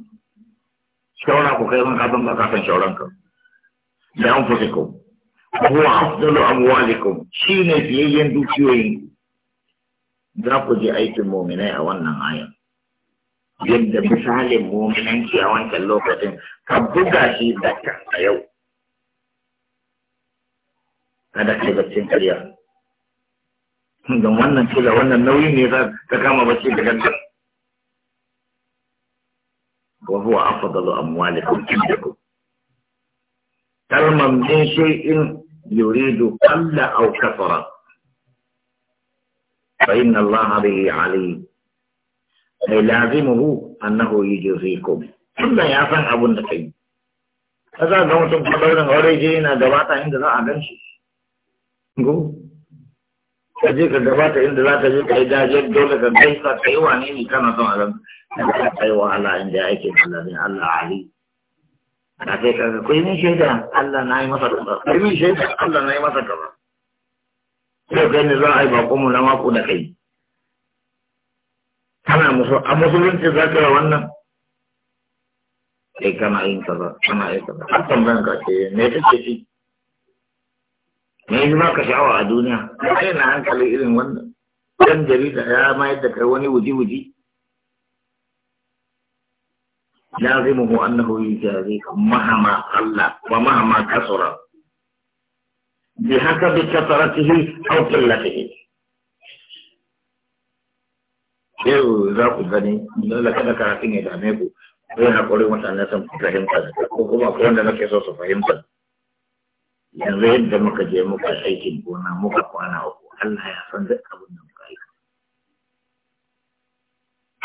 shaura ku kai mun ka san ba ka san shauran ka da an fusi ku huwa afdalu amwalikum shine fiyayyen dukiyoyin da ku ji aikin mu'minai a wannan ayan yadda misalin muminanci a wancan lokacin ka buga shi da kan a yau kada kai baccin karya don wannan kila wannan nauyi ne za ta kama bacci da gangan wa huwa afdalu amwalikum indakum kalman min shay'in yuridu qalla aw kathara fa inna allaha bihi alim mai lazimuhu annahu yujzikum tunda ya san abun da kai kaza ga mutum kabarin aure je yana gabata inda za a gan shi go ka je ka gabata inda za ka je ka yi daje dole ka gaisa ka yi wani ne kana son a gan ka kai wahala inda ake kallon Allah ali da kai ka kai min shaida Allah na yi masa kaza kai min shaida Allah na yi masa kaza sai kai ne za a yi bakonmu na mako da kai kana musu a musulunci za ka yi wannan eh kana yin kaza kana yin kaza har tambayan ka ce me kake ci me yi ba ka sha'awa a duniya kai na hankali irin wannan dan jarida ya mayar da kai wani wuji-wuji لازمه أنه يجازيك مهما قل ومهما كثر بحسب كثرته أو قلته yau za ku gani lalla kada karatun ya dame ku sai haƙuri mutane san fahimta ko kuma ko wanda nake so su fahimta yanzu yadda muka je muka aikin gona muka kwana uku Allah ya san duk abin da muka yi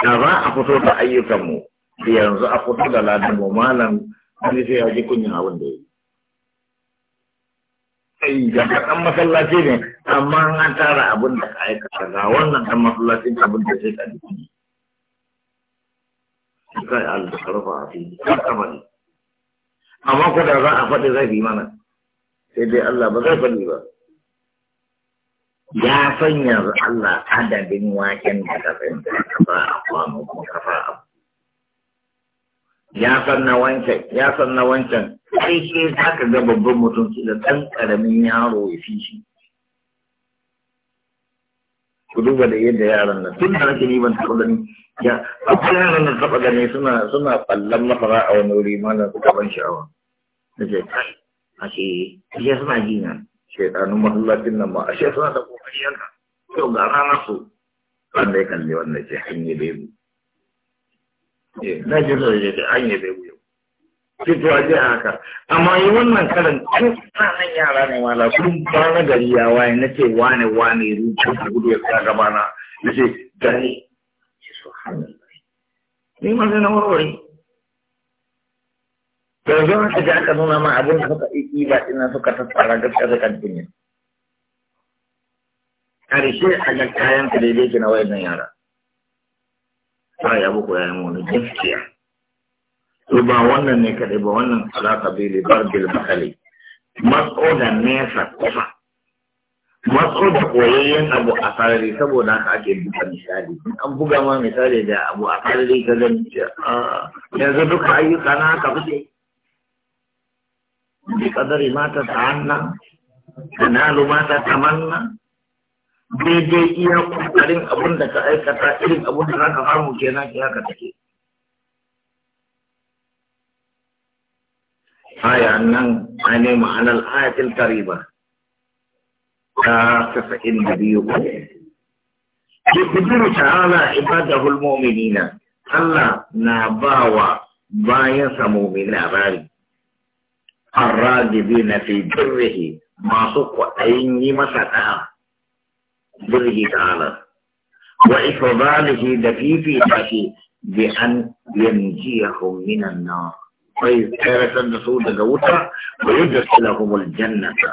da ba a fito da ayyukanmu yanzu a fito da ladanmu malam wani sai ya ji kunyan abin da ya yi ai da kaɗan masallaci ne amma an tara abin da ka aikata ga wannan dan masallacin abin da sai ka dubi kai al-sarfa a fi ne amma ko da za a faɗi zai fi mana sai dai Allah ba zai faɗi ba ya sanya Allah adadin waken da ka tsinta kafa a kwano kuma kafa a ya san na wancan ya san na wancan sai sai za ka ga babban mutum kila ɗan ƙaramin yaro ya fi shi ku duba da yadda yaran nan tun da nake ni ban taɓa gani ya akwai yaran nan taɓa gani suna suna kallon mafara a wani wuri ma na suka ban sha'awa nace kai ashe ashe suna ji na shaidanun masallacin nan ma ashe suna da kokari yanka to ga rana su wanda ya kalli wanda ce hanyar bebu eh, na ji da ya ce hanyar bebu yau fito a jiya haka amma yi wannan karin an sanan yara ne mala kun ba na gari ya waye na ce wane wane rubutu da gudu ya sa gaba na ce gani ce hannun ni ma sai na warware yanzu ka ji aka nuna ma abin da suka iki ba ina suka tattara gaskiya da kantin karshe a ga kayan ka daidai ki na wayan yara ba ya buku yayin wani gaskiya to ba wannan ne kaɗai ba wannan alaƙa bai ribar bil makali matso da nesa kusa matso da koyayyen abu a sarari saboda haka ake buga misali an buga ma misali da abu a sarari ka zan ah, yanzu duka ayyuka na haka fice bi kadari mata ta hannan kanalu mata ta manna daidai iya kokarin abin da ka aikata irin abin da za ka samu kenan ke haka take آية أنن يعني معنى الآية الكريمة كاسف النبي يخبر تعالى عباده المؤمنين الله نباوى بايس مؤمن أباري الراغبين في بره ما سوق أيني مسكا بره تعالى وإفضاله دفيفي بأن ينجيهم من النار sai tsayar da su daga wuta wa yadda silahumul jannata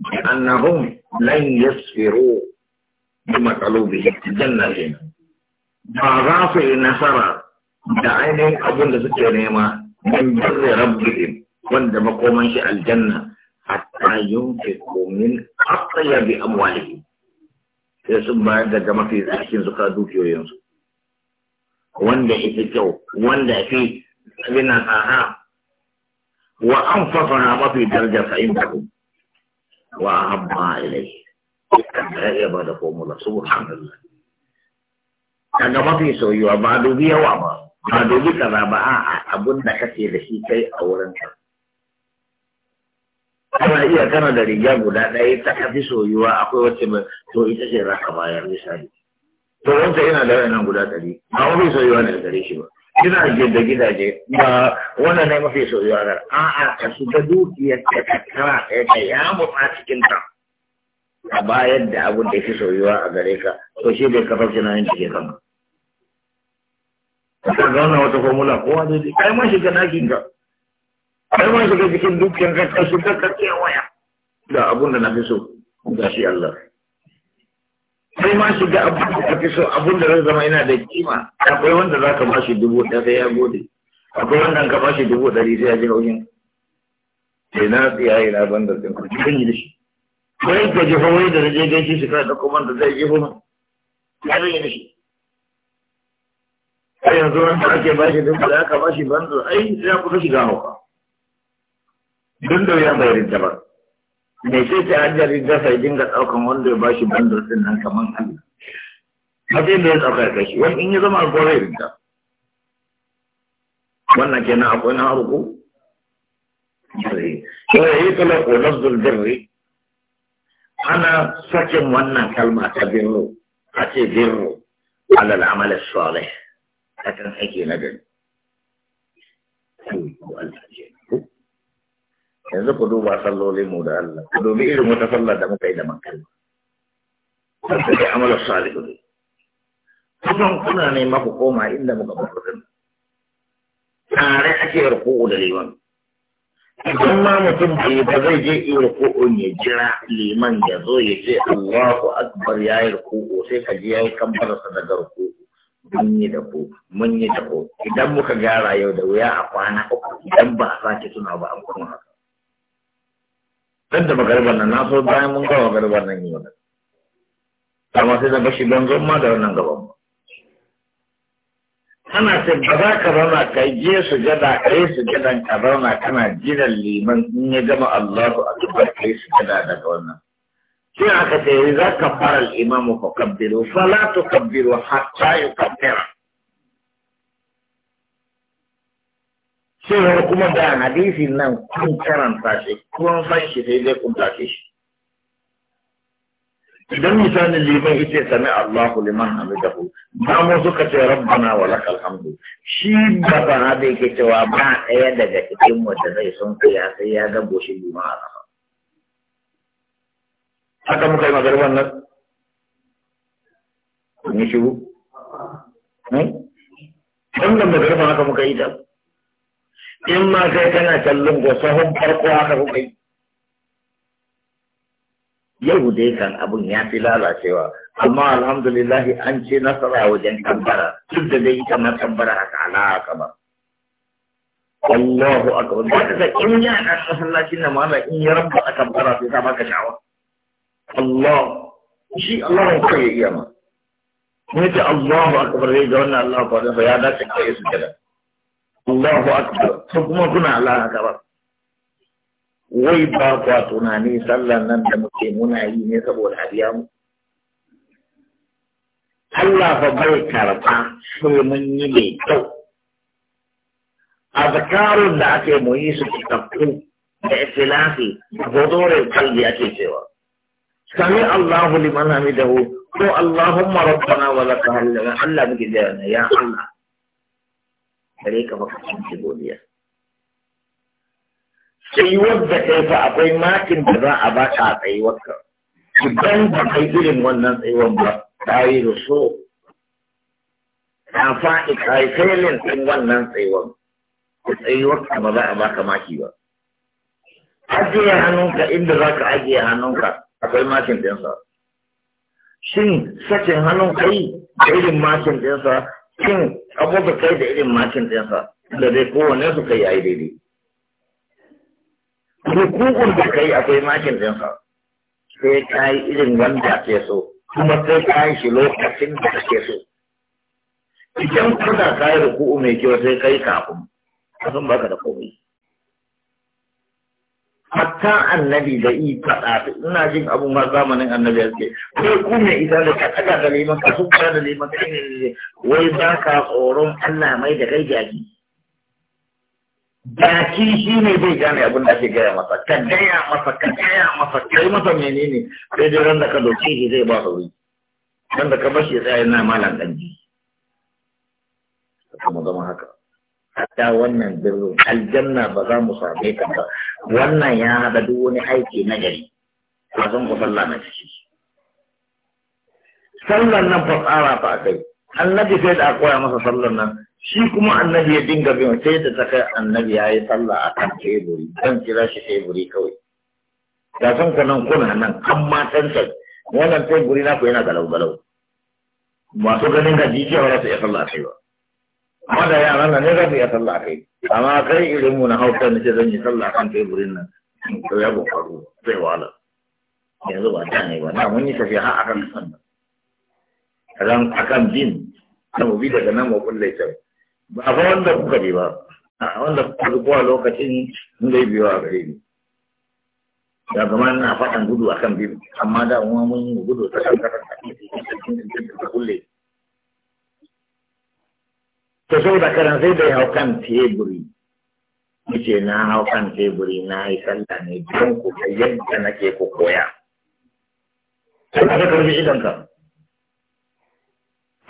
bi annahum lan yasfiru bi janna jannatihim ba za su yi nasara da ainihin abin da suke nema min birri rabbihim wanda makoman shi aljanna hatta yunfiqu min atyabi amwalihim sai sun bayar daga mafi tsarkin zuka dukiyoyinsu wanda ita kyau wanda fi من الأنعام وأنفسها ما درجة فإنه وأحبها إليه كان يبقى فومولا سبحان الله kaga mafi soyuwa ba dubi yawa ba ba dubi kaza ba a abun da kake da shi kai a wurin ka kana iya kana da riga guda ɗaya ta kafi soyuwa akwai wacce mai. to ita ce za ka bayar misali to wanda yana da wayannan guda ɗari ba mafi soyuwa ne da gare shi ba gidaje da gidaje ba wannan ne mafi soyuwa a a'a ka shiga dukiyar ta tattara ɗaya ta ya a cikin ta a bayar da abin da fi soyuwa a gare ka to shi bai kafar na yin cike kan ka ga wannan wata formula kowa zai ji kai ma shiga nakin ka kai ma shiga cikin dukiyar ka ka shiga ka waya. da abin da na fi so ga shi Allah sai ma shiga abin da kake so abin da zai zama yana da kima akwai wanda za ka bashi dubu ɗaya sai ya gode akwai wanda ka bashi dubu ɗari sai ya ji haushin sai na tsaya ina ban da tsin kuma cikin yi da shi wai ka ji hawaii da zai gaishe shi da kuma da zai ji hunu ya zai yi da shi sai yanzu wanda ake bashi dubu da aka bashi banzo ai sai ya kusa shiga hauka don da ya bayar da ba Me ce ta hanyar dafa sai dinga ɗaukan wanda ya bashi bandar din nan kamar Allah matsayin da ya ɗaukar kashi wani in yi zama alƙawarin rinta. wannan kenan akwai na harko sai yi kala ko lafzul birri ana sakin wannan kalma ta birro, a ce birro, alal amal salih a kan aiki na gari yanzu ku duba sallolin mu da Allah ku dubi irin wata sallar da muka yi da makar sai da amalar salihu ne kusan kuna ne maku koma inda muka bar kudin tare ake ruku'u da liman idan ma mutum bai ba zai je yi ruku'un ya jira liman ya zo ya ce Allahu akbar ya yi ruku'u sai ka ji ya yi kamfarsa daga ruku'u mun yi da ku mun yi da ku idan muka gyara yau da wuya a kwana uku idan ba a sake suna ba an kuma haka duk da magarbar nan na so bayan mun gawa magarbar nan yi magana amma sai zaba shi don ma da wannan gaban ba ana ce ba za ka zauna ka je su gada kai su gadan ka zauna kana jiran liman in ya gama Allah Allahu akbar kai su gada daga wannan sai aka ce za ka fara al-imamu fa kabbiru fala kabbiru hatta yukabbira cewar kuma da hadisin nan kun karanta shi kuma san shi sai dai kun tafi shi idan misalin liman ita sami Allahu liman hamidahu ba mu suka ce rabbana wa lakal hamdu shi ba ba da yake cewa ba ɗaya daga cikin wanda zai sun kuya sai ya ga goshi lima a kafa haka muka yi magar wannan kun yi shiru hmm? wannan magar haka muka yi ta in ma kai kana kallon da sahun farko haka kuka yi yau dai kan abun ya fi lalacewa amma alhamdulillahi an ce nasara wajen tambara, duk da dai ita ma tambara haka ala haka ba Allahu akbar da ka in ya dan masallacin na mala in ya rabu a tambara sai ta baka shawa Allah shi Allah ya kai iya ma ne ta Allahu akbar dai na wannan Allah ko da ya dace kai su jira الله أكبر ثم كنا على أكبر ويبا قاتنا نيسا لنا نمتمنا إيني سبو الحديام الله فبي كارتا شرمن يلي تو أذكار ذاك مويس تقل بإخلافي بذور القلب يأتي سوا سمي الله لمن حمده تو اللهم ربنا ولك هل علم يا الله kare ka maka cinci godiya sai wadda kai fa akwai makin da za a baka a tsayuwarka idan ba kai irin wannan tsayuwar ba ta yi so ta faɗi yi failin ɗin wannan tsayuwar tsayuwarka ba za a baka maki ba ajiye hannunka inda za ka ajiye hannunka akwai makin ɗinsa shin sakin hannun kai irin makin ɗinsa shin abubuwa kai da irin makin ɗinsa da dai kowane su kai yayi daidai rukukun da kai akwai makin ɗinsa sai ka irin wanda ke so kuma sai ka shi lokacin da ke so idan kuna ka yi ruku'u mai kyau sai kai kafin kafin baka da komai hatta annabi da yi faɗa ina jin abun ma zamanin annabi ya ce kai ku isa da ka tsaka da liman ka suka da liman kai ne wai ba ka tsoron Allah mai da kai jaki jaki shi ne zai gane abin da ake gaya masa ka gaya masa ka gaya masa kai masa menene sai dai ran da ka doke shi zai ba sauri ran da ka shi tsaye na malam danji kuma zama haka hatta wannan birnin aljanna ba za mu same ka ba wannan ya haɗa duk wani aiki na gari a san ku sallah na ciki sallan nan fa tsara fa a kai annabi sai da a koya masa sallan nan shi kuma annabi ya dinga bin sai da ta kai annabi ya yi sallah a kan teburi don kira shi teburi kawai da san ku nan kuna nan an ma tantan wannan teburi na ku yana galau galau masu ganin gajiya ba za su iya sallah a kai ba amma da yaran nan ne za su iya sallah a kai amma kai irin mu na hauka ne ce zan yi sallah kan teburin nan to ya bukaru zai wala yanzu ba ta ne ba na mun yi tafiya ha akan kasan nan akan bin na mu bi daga nan mu kulle ta ba fa wanda kuka bi ba a wanda kuka bi kuwa lokacin mun dai biyo a gare ni ya kuma na faɗan gudu akan bin amma da mun yi gudu ta kan kasan da kulle to da karan sai da hau kan teburi yace na hau kan teburi na yi sallah ne don ku ga yadda nake ku koya sai ka karbi idanka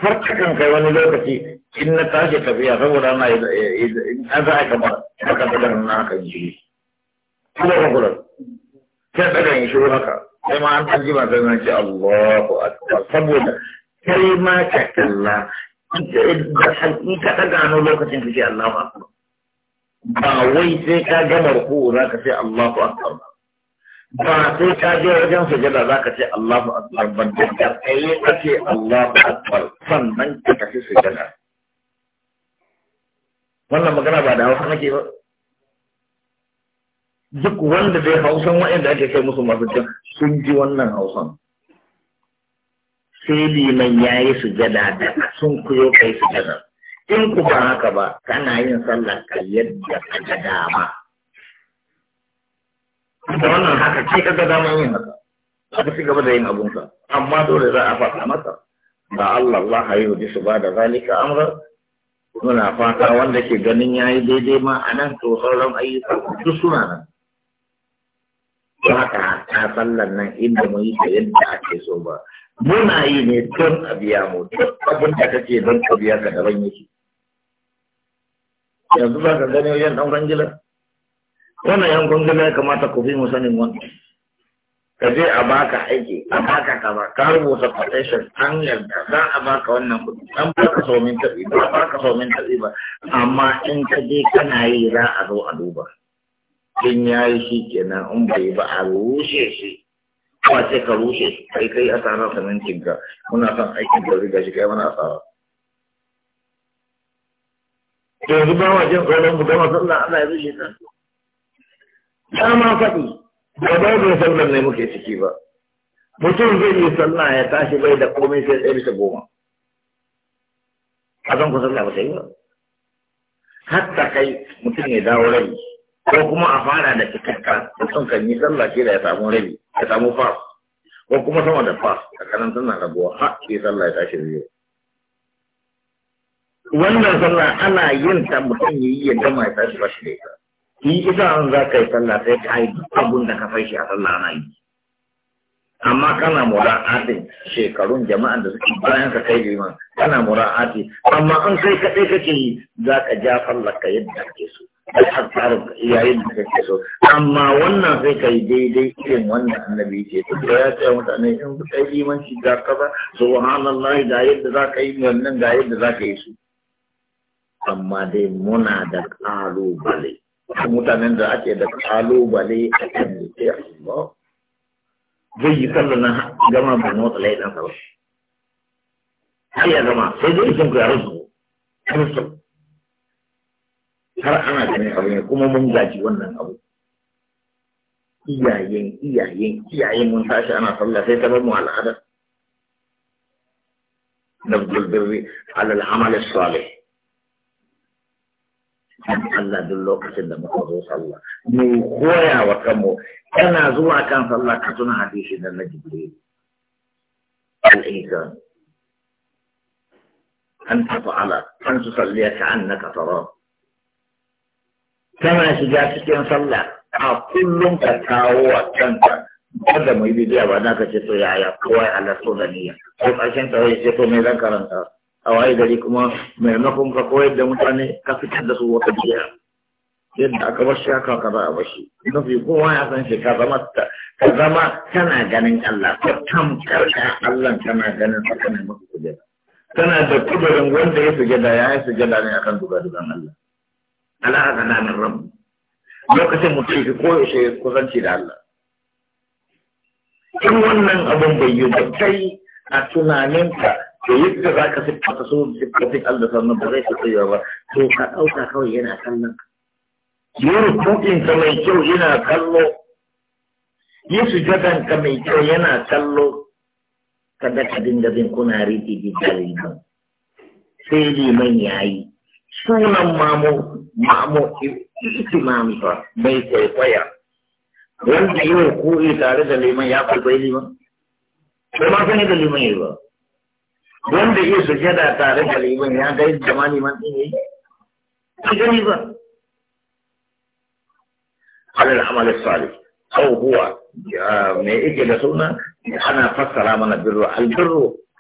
har kan kai wani lokaci in na tashi tafiya saboda na in an za a kama haka da na kan in kuma ka kula sai daga in shiru haka sai ma an ji ma sai na ce Allahu akbar saboda kai ma ka kalla in ka ta gano lokacin kake Allahu akbar ba wai sai ka za ka ce Allahu akbar ba sai ka je wajen sujada za ka ce da kai kake Allahu akbar sannan ka tafi sujada wannan magana ba da hausa nake ba duk wanda zai hausan wa'anda ake kai musu masu jin sun ji wannan hausan sai liman ya yi sujada da sun kuyo kai sujada in ku ba haka ba kana yin sallar ka yadda ka ga dama da wannan haka ce ka ga dama yin haka aka ci gaba da yin abunsa amma dole za a faɗa masa ba Allah Allah ya yi su ba da zalika amra muna fata wanda ke ganin ya yi daidai ma nan to sauran ayyuka duk suna nan don haka ta sallar nan inda mun yi ta yadda ake so ba muna yi ne don a biya mu duk abin da kake don a biya ka daban yake yanzu za ka gani wajen ɗan rangila wannan yan kwangila ya kamata ku fi mu sanin wani ka je a baka aiki a baka kama, ka rubuta quotation an yarda za a baka wannan kuɗi an baka somin tabi ba a baka somin tabi ba amma in ka je kana yi za a zo a duba in ya yi shi kenan in bai ba a rushe shi kuma sai ka rushe shi kai kai a tsara samintin ka muna son aikin da riga shi kai mana tsara to yanzu ba wajen tsoron mu gama sallah Allah ya rushe ta ta ma faɗi ba ba da sallar ne muke ciki ba mutum zai yi sallah ya tashi bai da komai sai tsaye bisa goma a zan ku sallah ba sai ba hatta kai mutum ya dawo rai ko kuma a fara da ko mutum kan yi sallah ke da ya samu rabi ya samu fas ko kuma sama da fas a kanan suna rabuwa ha ke sallah ya tashi biyu wannan sallah ana yin ta mutum yi ya gama ya tashi bashi da ita yi ita an za ka yi sallah sai ka yi abun da ka fashi a sallah ana yi amma kana mura'atin shekarun jama'an da suke bayan ka kai liman kana mura'ati amma an kai kaɗai kake yi za ka ja sallah ka yadda kake so yayin da kake so amma wannan sai kai daidai irin wannan annabi ce to da ya ce mutane in ku kai limanci ga kaza subhanallahi ga yadda za ka yi wannan ga yadda za ka yi su amma dai muna da kalubale mutanen da ake da kalubale a kan da ke Allah zai yi sallah na gama ba motsa lai dan sa ba har ya gama sai dai sun ku ya har ana ganin abu ne kuma mun gaji wannan abu iyayen iyayen iyayen mun tashi ana sallah sai ta bamu al'ada nabdul birri alal amal salih Allah duk lokacin da muka zo sallah mu koya wa kanmu kana zuwa kan sallah ka tuna hadisi da na jibril al-insan an tafa'ala an tusalliya ka annaka tarahu kana shiga cikin sallah a kullum ka kawo a kanka da mai bidiya ba na ka ce to yaya kowa ya Allah so da niyya ko ta wai ce to me zan karanta a waye gari kuma maimakon ka koyar da mutane ka fitar da su wata bidiya yadda aka bar shi haka ka ba a na shi kowa ya san shi ka zama ka zama kana ganin Allah ko tamkar ka Allah kana ganin sa kana maka sujada kana da kudurin wanda ya sujada ya yi sujada ne akan duga-dugan Allah ala min rabu lokacin mutum ki koyaushe kusanci da Allah in wannan abin bai yi ba kai a tunaninka da yadda za ka siffa ka so siffafin Allah sannan ba zai fi tsayewa ba to ka ɗauka kawai yana kallon yin kuɗinka mai kyau yana kallo yi sujadanka mai kyau yana kallo kada ka dinga bin kuna ridi da jaririn sai liman yayi sunan mamu ma'amu itimam fa bai kwaikwaya wanda yi wa koyi tare da liman ya kwaikwayi liman sai ma sani da liman yi ba wanda iya sujada tare da liman ya ga yadda ma liman ɗin yi sai gani ba alal amal salih ko huwa me yake da suna ana fassara mana birru albirru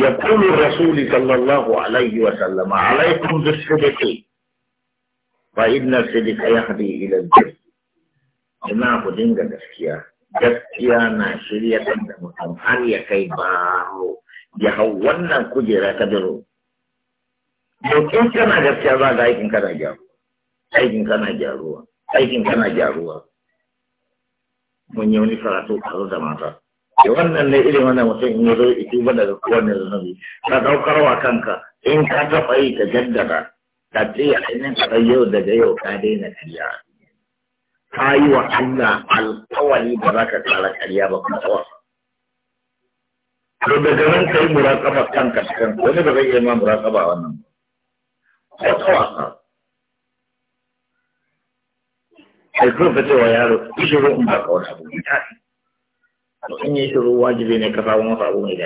يقول الرسول صلى الله عليه وسلم عليكم بالصدق فإن الصدق يهدي إلى البر إما كدين gaskiya gaskiya na shirya da mutum har ya kai baro ya hau wannan kujera ta biro dokin kana gaskiya ba ga aikin kana gyaruwa aikin kana gyaruwa aikin mun yi wani karatu tare da mata da wannan ne irin wannan mutum in zo ya tuba daga kowane zunubi ka daukar wa kanka in ka taɓa yi ka jaddara ka ce ainihin ka yau daga yau ka daina karya ka yi wa Allah alkawari ba za ka tsara kariya ba kuma tsawon to daga nan ka yi muraƙaba kanka cikin wani ba zai iya ma muraƙaba wannan ba ko tsawon ai kuma ka ce wa yaro ki ba ka wani abu mai tafi to in yi shiru wajibi ne ka samu masa abu mai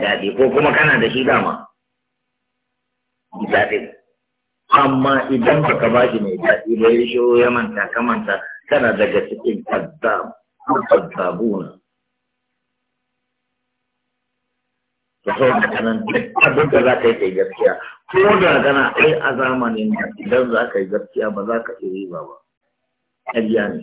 daɗi ko kuma kana da shi dama daɗi amma idan ka ba mai daɗi ba ya manta ka manta kana daga cikin kazzabuna da sauran za ka yi kai gaskiya ko da gana ai a zamanin idan za ka yi gaskiya ba za ka iya yi ba ba ƙarya ne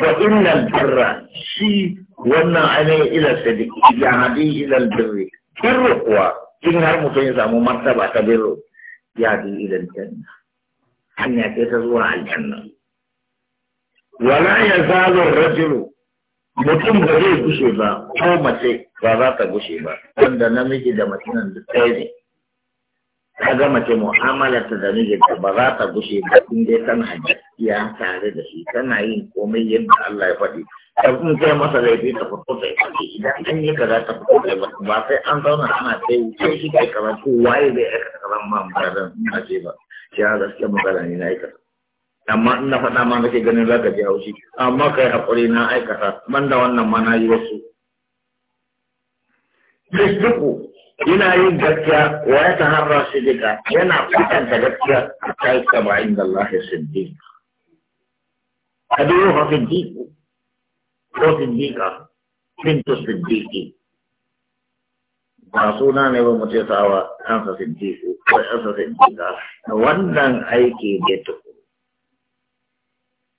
wa innal birra shi wannan ainihin ila sadiq ya hadi ila birri birru kuwa in har mutum ya samu martaba ta birru ya hadi ila janna hanya ce ta zuwa aljanna wala ya zalo rajulu mutum ba zai gushe ba ko mace ba za ta gushe ba wanda namiji da mace nan duk ɗaya ne ta ga mace mu'amalar ta da mijinta ba za ta gushe ba in dai tana gaskiya tare da shi tana yin komai yadda Allah ya faɗi ta kun kai masa laifi ta fito ta faɗi idan an yi kaza ta fito ta ba ba sai an zauna ana sai wuce shi kai kaza ko waye aika ta kaza ma ba dan na ce ba shi ya gaskiya magana ne na aikata amma in na faɗa ma nake ganin za ka ji haushi amma kai haƙuri na aikata ban da wannan ma na yi wasu. Duk Ina yin gaskiya wa ya taharra sidika yana kwatanta gaskiya ta yi kama inda Allah ya siddiq abiyu ha siddiq ko siddiqa bintu siddiqi ba suna ne ba mutum sawa kansa siddiqu ko yansa siddiqa wannan aiki da tuku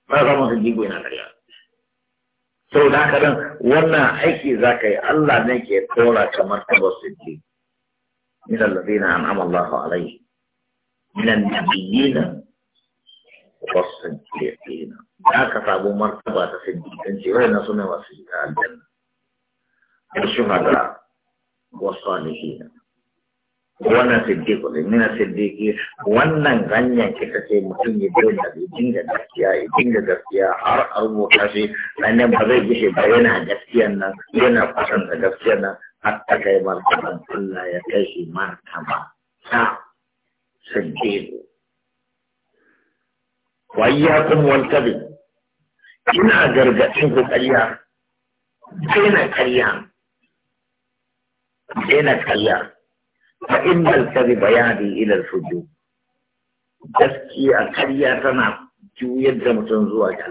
ba zama siddiqu yana karya sau da haka nan wannan aiki za ka yi Allah ne ke tsora kamar tabar siddi min allazina an'ama Allah alaihi min annabiyina wa siddiqina da ka samu martaba ta siddiqan ce wannan sunan wasu aljanna wa shuhada wa salihina wannan siddiqu ne mina siddiqi wannan ganyen kika ce mutum ya je da dinga gaskiya ya dinga gaskiya har arwo kashi sannan ba zai gishe ba yana gaskiyan nan yana fatan da gaskiyan nan har ta kai martaban Allah ya kai shi martaba ta siddiqu wa iyyakum wal kadhib ina gargadin ku ƙarya daina ƙarya daina kariya فإن yadi ila al fujur gaskiya karya tana juyar da mutum zuwa ga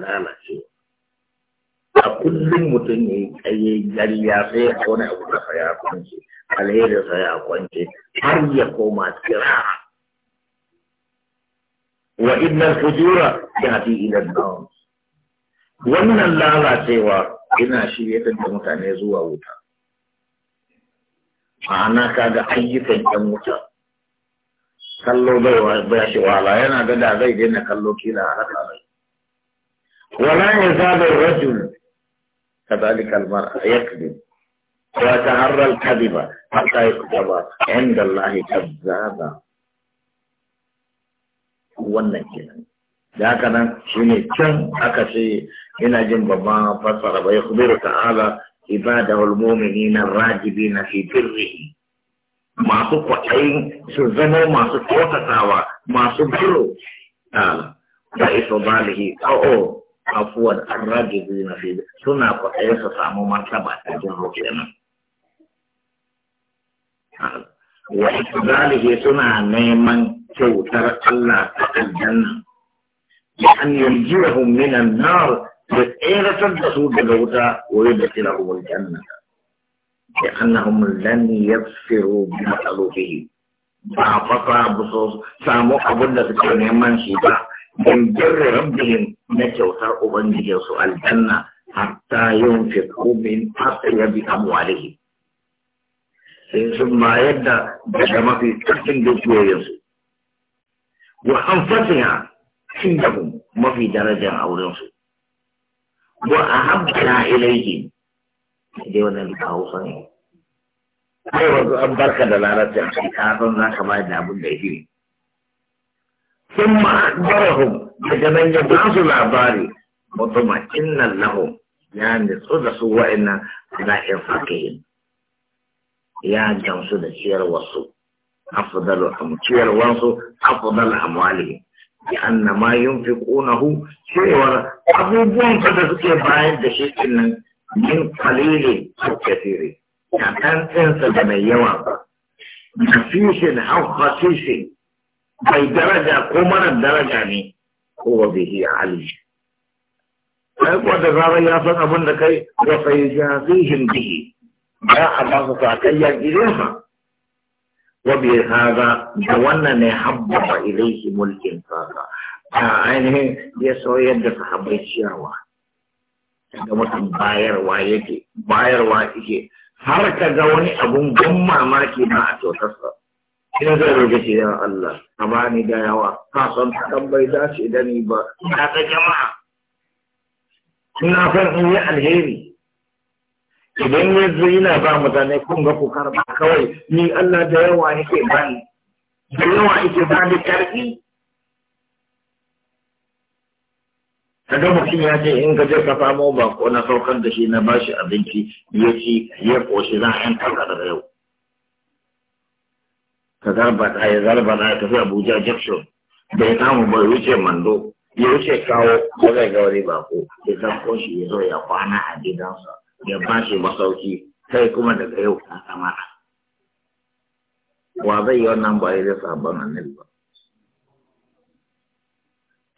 a kullum mutum ya yi tsaye gariya sai ya wani abu da ya kwance alheri sa ya kwance har ya koma kira wa inna fujura yadi ila an wannan lalacewa ina shirye da mutane zuwa wuta ma'ana kaga ayyukan yan wuta kallo bai ba shi wala yana da da zai daina kallo kila a haka bai wala ya zaɓa rajul Ka kadhalika almar'a yakdhib wa taharra alkadhiba hatta yuktaba inda Allah kazzaba wannan kenan da haka nan shine can aka ce ina jin babban fasara bai kubiru ta'ala عباده المؤمنين الراجبين في بره masu kwaɗayin su zama masu kyautatawa masu biro ta'ala da iso balihi o'o afuwar an rage na fiye suna kwaɗayin su samu martaba ta jin roƙe nan wa iso balihi suna neman kyautar Allah ta aljanna ya an yarjiwa minan nar فإذا تدسوا بلغتا ويدخلهم الجنة لأنهم لن يبصروا بمألوفهم فأعطى بصوص سامو أبدا سكرا يمان شيطا من جر ربهم نتوتا أبنجي سؤال الجنة حتى ينفقوا من أطيب أموالهم ثم يبدا بشما في تحسن دوكو ينسو وأنفسها عندهم ما في درجة أو ينسو wa ahabbana ilayhi dai wannan da hausa ne kai wanzu an barka da larabci a cikin za ka bayar da abin da yake ne sun ma'adarahum daga nan ya ba su labari mutuma inna lahum ya nitsu da su wa'annan suna yin fakihin ya gamsu da ciyar wasu afdalu amciyar wasu afdalu amwalihim لأن ما ينفقونه cewar abubuwan da suke bayar da shi nan min kalili a kafiri Ya ɗan tsinsa da mai yawa ba na fishin an bai daraja ko mara daraja ne ko wa bihi ali kai kuwa da zarar ya san abin da kai wa sai jazihin bihi ba a ba su sa kai ya gidan wabihaza da wannan ne haɓɓaɓa ilaihi mulkin fata a ainihin ya so yadda sahabbai ciyarwa da mutum bayarwa yake bayarwa yake har ka ga wani abun gan mamaki na a kyautarsa in zai roƙe shi ya Allah a bani ni da yawa ka san tabbai da ce da ni ba ina ta jama'a ina san in yi alheri idan ya zo yana ba mutane kun ga ku karba kawai ni Allah da yawa yake bani da yawa yake bani karfi kaga mutum ya ce in ka je ka samo bako na saukar da shi na bashi abinci ya ci ya koshi za a yan kaka daga yau ka zarba ta ya zarba na ya tafi Abuja Jackson da ya samu bai wuce Mando ya wuce kawo ko zai ga wani bako ya san koshi ya zo ya kwana a gidansa ya ba shi masauki kai kuma daga yau ta samara wa zai yi wannan ba zai sabon annabi ba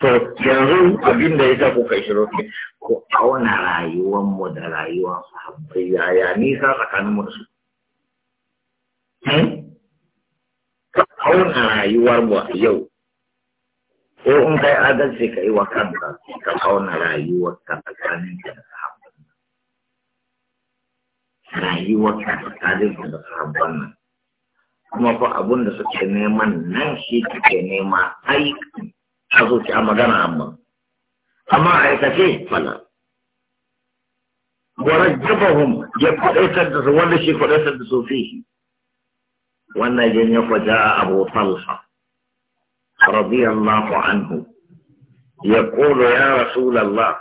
to yanzu abin da ya ta kuka shiro ne ko auna rayuwar mu da rayuwar sahabbai ya nisa tsakanin mu da su hmm? auna rayuwar mu a yau ko in kai adalci ka yi wa kanka ka auna rayuwar ka tsakanin ka rayuwar ka da tarihin da sabon nan kuma fa abun da suke neman nan shi kake nema aiki a zuciya magana amma amma aikace fala ورجبهم يقدس da su fi? Wannan وأن ya فجاء أبو طلحة رضي الله عنه يقول يا رسول الله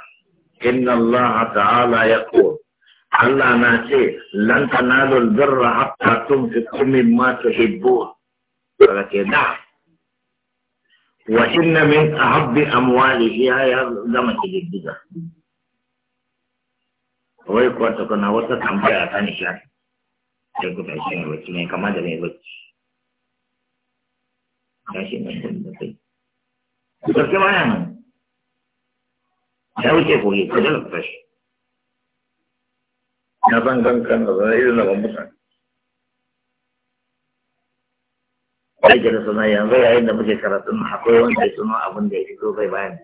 إن الله تعالى يقول الله ناسي لن تنالوا البر حتى تنفقوا مما تحبون ولكن يا دعم وإن من أحب أمواله هي هي لما تجد بها هو يقول لك أنا وصلت عن بيئة ثانية شهر تقول لك أنا وصلت كما بيئة ثانية شهر تقول لك أنا تقول لك أنا وصلت عن بيئة ثانية شهر تقول لك ya zan ganka na zana irin na mutane aiki da suna yanzu yayin da muke karatun akwai wanda ya suna abin da ya fito bai bayan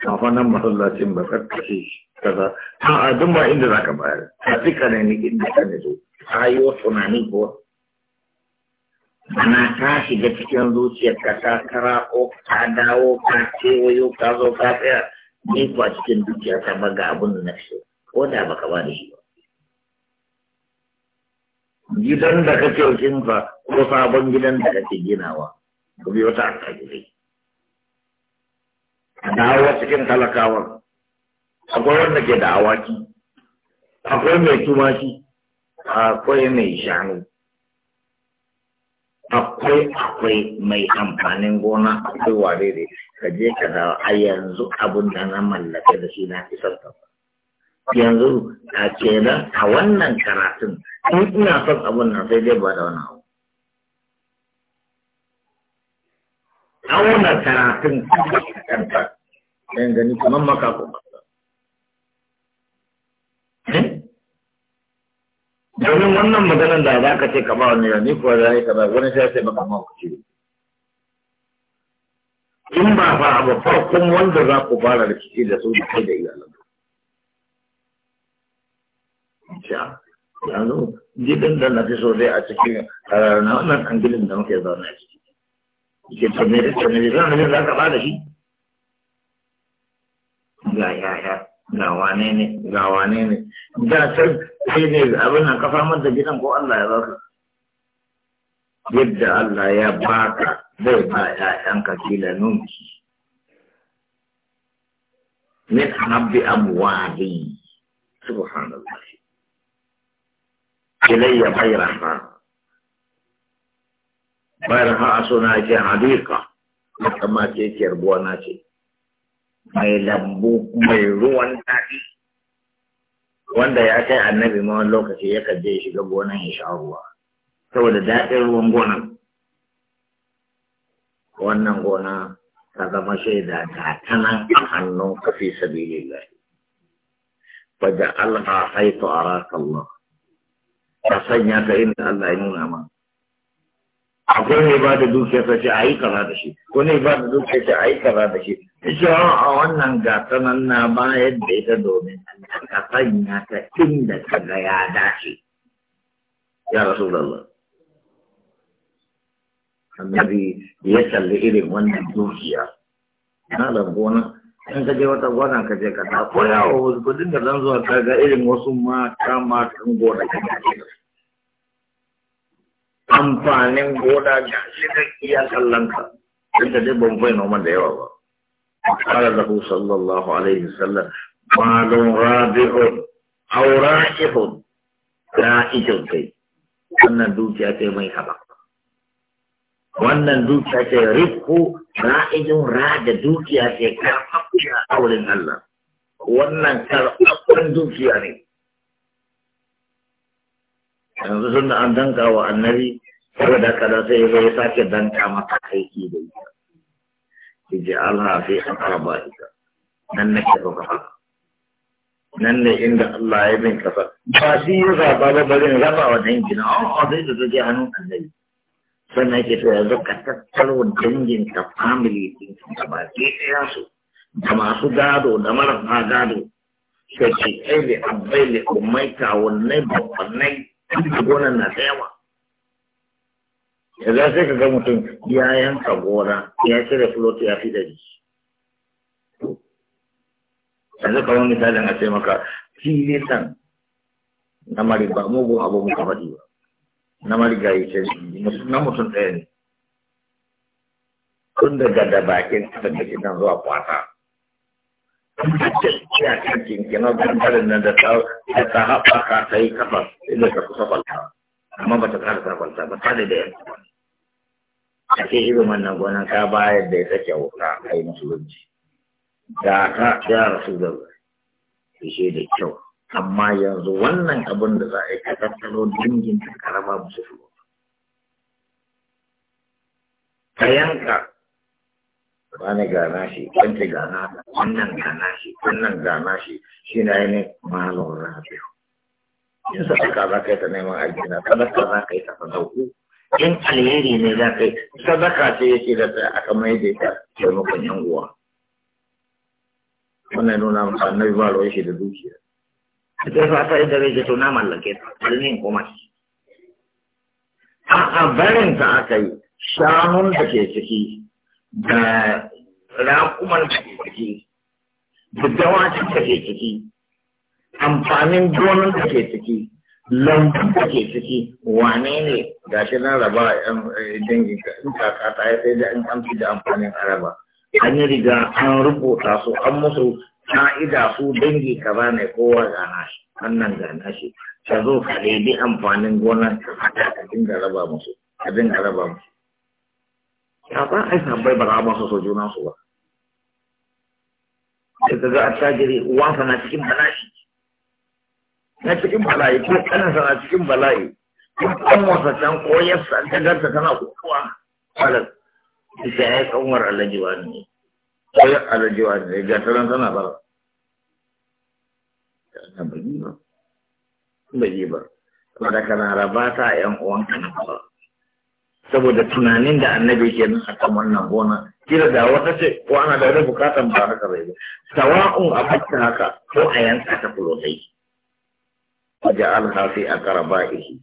kafin nan masallacin ba tsarkashe kaza ta adun ba inda za ka bayar ta fi kanani inda ka nito ta yi wa tunani kuwa ana ta shiga cikin zuciyarka ta kara ko ka dawo ka kewayo ka zo ka tsaya ni kuwa cikin dukiya ta baga abin da na fi ko da baka ba da shi ba gidan da kake kinsa ko sabon gidan da kake ginawa ku bi wata zai. a dawo cikin talakawa akwai wanda ke da awaki akwai mai tumaki akwai mai shanu akwai akwai mai amfanin gona akwai ware ne ka je ka dawo a yanzu abin da na mallake da shi na fi ba. yanzu a kenan a wannan karatun in ina son abun nan sai dai ba da wani abu a wannan karatun kuma ya gani kamar kasa. Eh? domin wannan maganar da za ka ce ka ba wani yanzu kuwa za ka ba wani sai sai baka mawuce in ba fa abu farkon wanda za ku fara rikici da su da kai da iyalanku sha yanzu gidan da na fi so dai a cikin eh, na wannan kangilin da muke zaune a ciki ke tsamere tsamere zan da za ka ba da shi ga ya ga wane ne ga wane ne da can sai ne abin nan kafa mata gidan ko Allah ya baka yadda Allah ya baka zai ba ƴaƴanka kila nunki min habbi amwali subhanallah إلي بيرها بيرها أسونا جي حديقة كما جي كربوانا جي مي لبو مي روان تاكي واندا يا كي النبي ما لوكا كي يكد جيش كربوانا إن شاء الله تولد دائر ونبونا wannan gona ta zama shaida ga ta nan a hannun kafi الله lai. Fajar Allah ha haifu a rasar Allah. ka sanya ka inda Allah ya nuna ma akwai ne ba da duk ta ce a yi kaza da shi ko ne ba da duk dukiyar ta a yi kaza da shi ce a wannan gasa nan na bayar yadda ita domin ka sanya ka inda ka ga ya dace ya rasu da Allah annabi ya kalli irin wannan dukiya na da in ka je wata gwana ka je ka ko yawo ku dinga zan zuwa ka ga irin wasu ma mata matan gona amfanin gona ga shi iya kallon ka in ka je ban fai da yawa ba kala da ku sallallahu alaihi sallam malon rabi'un aurashihun ga ikin kai wannan dukiya ce mai haɓa wannan dukiya ce rikku ra'ijin ra da dukiya ce karfafa dukiya a wurin Allah wannan karɓaɓɓen dukiya ne yanzu sun da an danka wa annabi saboda kada sai ya zo ya sake danka mata aiki da ita ije Allah fi arba ita nan nake so ka haka nan ne inda Allah ya min kasa ba shi ya zaba ba bari in raba wa dangin a sai da take hannun annabi sannan ke to yanzu ka tattaro dangin ka family din ka ba ke ɗaya su da masu gado da marasa gado shaki ai da abai da umai kawunai babbanai da gonan na tsayawa. yawa yanzu sai ka ga mutum ya yanka gona ya cire flot ya fi jiki yanzu kamar misalin a ce maka fili san na mariba mugun abu muka faɗi ba na mariga yi ce na mutum ɗaya ne tun daga da bakin ta daga gidan zuwa kwata gaskiya kan kinkina gangarin nan da ta haɓaka ta yi kafa inda ta kusa kwalta amma ba ta kara ta ba ta da da yanzu a ce irin wannan gonan ka bayar da ya sake wuka a yi musulunci da ta ya rasu da ishe da kyau amma yanzu wannan abin da za a yi ka tattalo dangin ta karama musu ka yanka wani gana shi kwanci gana wannan gana shi wannan gana shi shi na yi ne malon rabiu in sadaka za ka yi ta neman aljina sadaka za ka yi ta sadauku in alheri ne za ka yi sadaka ce yake da ta aka mai da ita taimakon yan uwa wannan nuna masa annabi ba ruwan shi da dukiya ita sa ta inda zai to na mallake ta almin kuma shi a barin ta aka yi shanun da ke ciki da raƙuman da ke ciki da dawakin da ke ciki amfanin donin da ke ciki lambun da ke ciki wane ne ga shi na raba 'yan eh, dangin ka in kaka ta ya sai da an kamfi da amfanin araba an yi riga an rubuta su an musu ka'ida su dangi ka ba ne kowa gana shi wannan ga nashi ka zo ka ɗebi amfanin gonar ka haɗa ka dinga raba musu ka dinga raba musu ya ba a sabai ba za a masu so juna su ba sai ka ga attajiri na cikin bala'i na cikin bala'i ko kaninsa na cikin bala'i ko wasa can ko yassa ta garta tana kokowa kwalar ita ya yi kanwar alajiwa ne ko ya alajiwa ne ga taron tana bara ba yi ba ba da ba ta yan uwan na ba. saboda tunanin da annabi ke nan akan wannan gona kira da wata ce ko ana da wani bukatan ba haka bai ba sawa'un a fakka haka ko a yanka ta fulotai waje alhafi a karaba ihi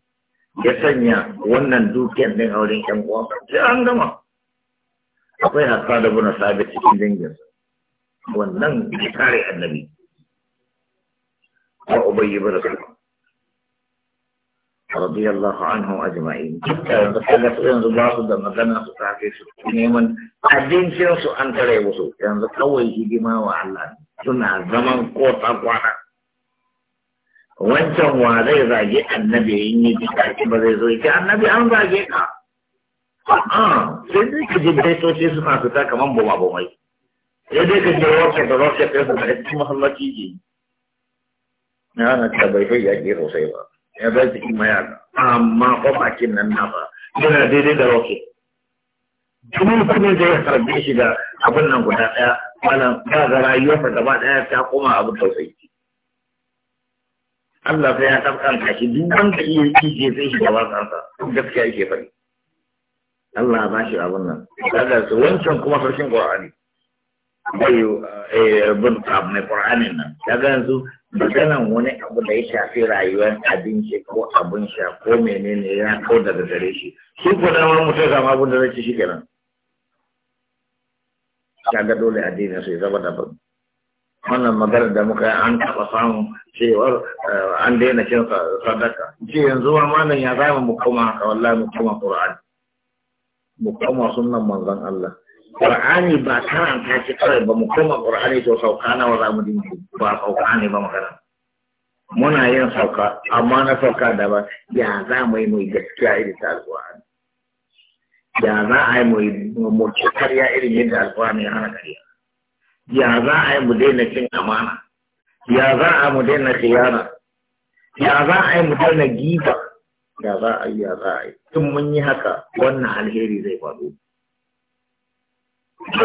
ya sanya wannan dukiyar din auren yan uwa sai an gama akwai hasa da buna sabi cikin dangin wannan kare annabi wa ba da kuma رضي الله عنهم أجمعين بسالة ينظر بعض دم دم سكاكي نيمن الدين سينسو أن تريبسو ينظر قوي هجما وعلا سنة زمن قوت أقوانا wancan wa zai zage annabi in yi bidaki ba zai zo ya annabi an zage ka a'a sai dai ka ji baitoci suna fita kamar boma bomai sai dai ka ji rocket da rocket sai su ga cikin masallaci ke na na ta bai bai yaƙi sosai ba ya bai cikin mayaka amma kwafakin nan nasa yana daidai da roke domin kuma zai harbe shi da abin nan guda ɗaya malam ba ga rayuwarsa gaba ɗaya ta koma abin tausayi Allah sai ya tabkanta shi duk wanda iya yi sai shi gaba kansa gaskiya yake fari Allah ba shi abin nan kaga su wancan kuma sarkin Qur'ani bai eh, bin abu mai Qur'anin nan kaga yanzu maganan wani abu da ya shafi rayuwar abinci ko abin sha ko menene ya kau daga gare shi Sun ko da wani mutum zama abin da zai ci shi kenan kaga dole addinin su ya da daban wannan maganar da muka an taɓa samun cewar eh, an daina cin sadaka Ji yanzu ma malam ya zama mu koma haka wallahi mu koma qur'ani mu koma sunan manzon Allah Qur'ani ba karanta shi kawai ba mu koma Qur'ani to sauka nawa za mu dinga ba sauka ne ba magana. Muna yin sauka amma na sauka da ba ya za mu yi mai gaskiya irin ta alƙur'ani. Ya za a yi mu ci karya irin yadda alƙur'ani ya hana karya. Ya za a yi mu daina cin amana. Ya za a mu daina khiyana. Ya za a yi mu daina giba. Ya za a yi ya za a yi. Tun mun yi haka wannan alheri zai faru.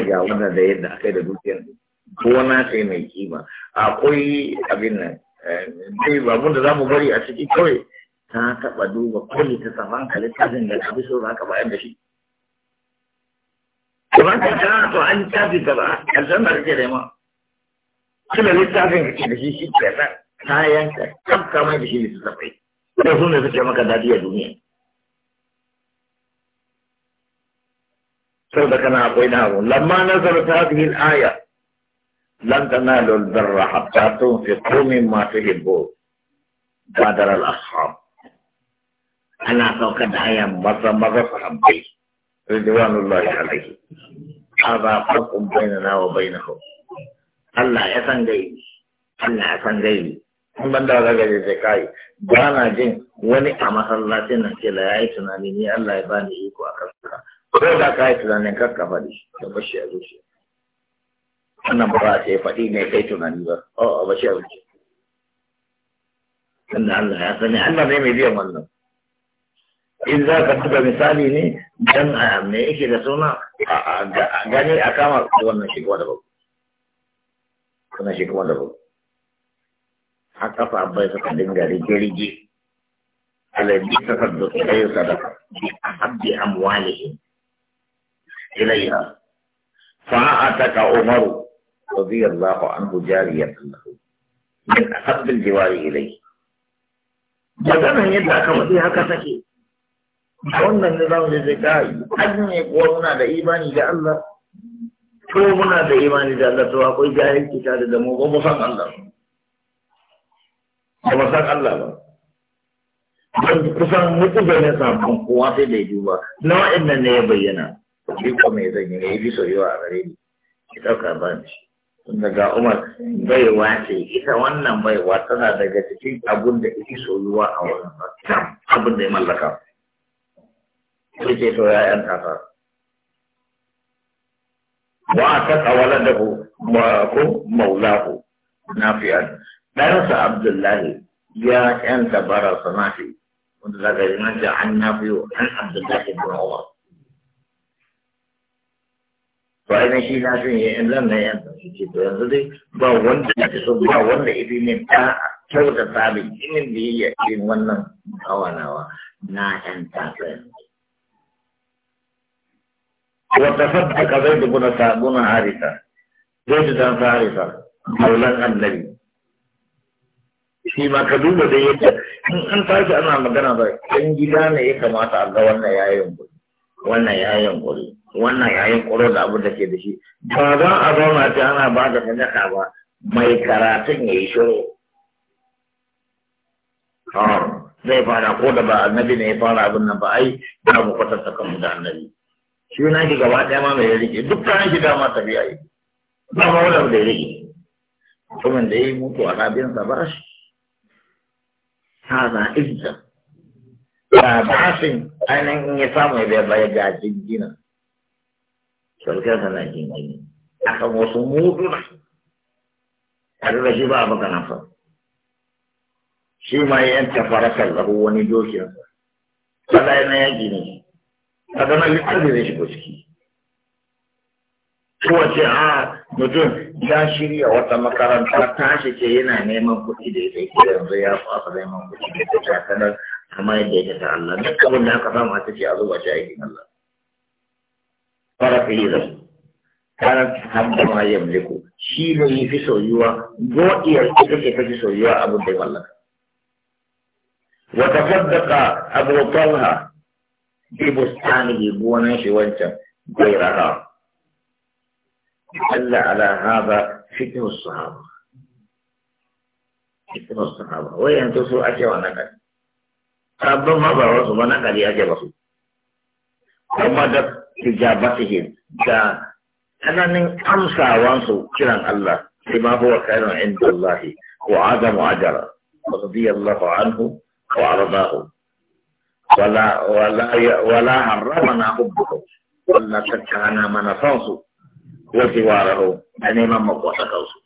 ga wannan da yadda aka yi da dukiyar na ce mai kima akwai abin nan eh, dai babun da zamu bari a ciki kawai ta taba duba kulli ta hankali ta littafin da abin so zaka bayar da shi kuma ka ta to an tafi ka ba aljanna kake da ma kuma littafin kake da shi shi ke nan ta ka kamka mai da shi littafai da su ne suke maka dadi a duniya صدقنا أعطيناه لما نزلت هذه الآية لن تنالوا البر حتى تنفقوا مما تحبوا بادر الأصحاب أنا فوق الآية مرة مرة فحبي رضوان الله عليه هذا فرق بيننا وبينهم الله يسن san gaini Allah ya san gaini in ban da daga da zai kai ba na jin wani a masallacin nan ke ko da ka yi tunanin kakka faɗi da bashi a zuciya wannan ba a faɗi ne kai tunani ba o a bashi a zuciya tunda Allah ya sani Allah ne mai biyan wannan in za ka da misali ne dan ah, me yake da suna a gani a kama wannan shi kuma da babu wannan shi kuma da babu a kafa bai suka dinga rige-rige alabi ta sadda ta yi sadaka bi a haɗe amwalihin إليها فأعتك عمر رضي الله عنه جارية له من أحب الجوار إليه magana yadda aka matsi haka take wannan da zamu je ka yi hajjin ne kuwa muna da imani da Allah Ko muna da imani da Allah to akwai jahilci tare da mu ba mu san Allah ba ba san Allah ba kusan mutu da ne sabon kowa sai da ya duba na nan ne ya bayyana shi ko mai zan yi ne bi soyuwa a gare ni ki ɗauka ba ni daga umar baiwa ce ita wannan baiwa tana daga cikin abun da ita soyuwa a wurin sam abun da ya mallaka sai ce to ya'yan tata wa ta tsawala da ku ko maula ku na fiya ɗansa abdullahi ya yan barasa na fi wanda daga yi nan an na fiye fiyo an abdullahi bin umar to ai shi na sun yi in zan na yan su ce to yanzu dai ba wanda ya fi so ba wanda fi min ta kyauta sabi inin da a cikin wannan kawanawa na yan tafiya وتصدق زيد بن Harisa zai زيد بن حارثة مولان النبي shi ma ka duba da yadda in an tashi ana magana ba ɗan gida ne ya kamata a ga wannan yayin guri wannan yayin guri wannan yayin koro da abin da ke da shi ba za a zauna ce ana ba da sadaka ba mai karatun ya yi shiru zai fara ko da ba annabi ne ya fara abin nan ba ai ba mu kwatanta kanmu da annabi shi na shi gaba ɗaya ma mai rike duk kayan shi dama tafiya yi ba ma wani da ya rike mutumin da ya yi mutu a rabinsa ba shi na izza ba ba shi ainihin ya samu ya bai da ga jingina sauƙin sana jin a kan wasu mutuna har da shi ba a baka nafa shi ma ya yanta farasar lahu wani dokiyarsa kada yana yaƙi ne a na littafi zai shigo ciki kowace a mutum ya shirya ah, wata makaranta ta shi ce yana neman kuɗi da ya ke yanzu ya fasa neman kuɗi da ta sanar kamar yadda ya ta Allah duk abin da aka samu a ciki a zuba shi aikin Allah fara kai da su karan hamda ma yamliku shi ne yi fi soyuwa godiyar ita ce fi soyuwa abin da ya mallaka wa tafaddaqa abu talha bi bustanihi gonan shi wancan gairaha Allah ala hada fiqh sahaba fiqh sahaba wai yanzu su ake wannan kai sabon ma ba wasu ba na kari ake ba su amma da ijabatihim da tsananin amsawansu kiran Allah sai ma huwa kairin inda Allah wa adamu ajara radiyallahu anhu wa arda'u wala harama na hubbuka wannan tattara mana sansu wasu wararo da neman makwasa kansu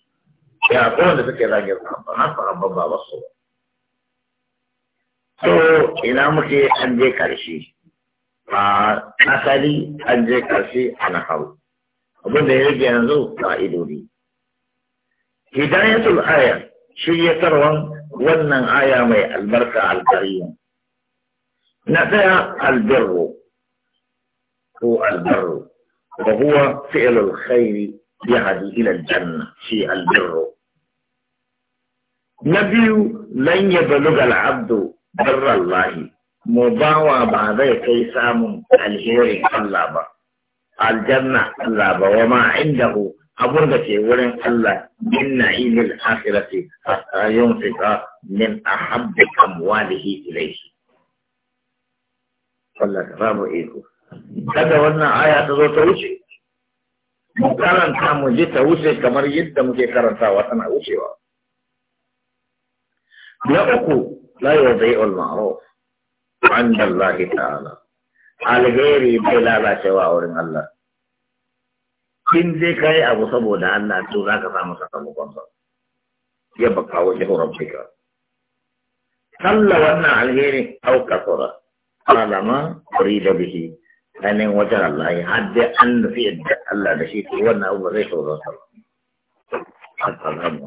ya kowa da suke rage rafa a babba ba so ina muke an je karshe a asali an je ƙarshe ana hau abin da ya rage yanzu fa'idodi hidayatul aya shiryatarwan wannan aya mai albarka alkariya na ɗaya albirru ko albirru wa huwa fi'lul khairi yahdi ila janna, shi albirru na biyu lan yabluga al'abdu mu ba zai kai samun alherin Allah ba aljanna Allah ba wa ma indahu abun da ke wurin Allah min na'imil akhirati hatta fita min ahabbi amwalihi ilayhi Allah ka ba iko kada wannan aya ta zo ta wuce mu karanta mu je ta wuce kamar yadda muke karantawa tana wucewa na uku la yuzai'ul ma'ruf عند الله تعالى alheri bai lalacewa a wurin Allah in dai kai abu saboda Allah to zaka samu sakamakon ba. ya baka wa jahu rabbika kalla wannan alheri au kasura alama da bihi Ainihin wajen Allah hadda an nufi Allah da shi ke wannan abu zai tsoro sa Allah mu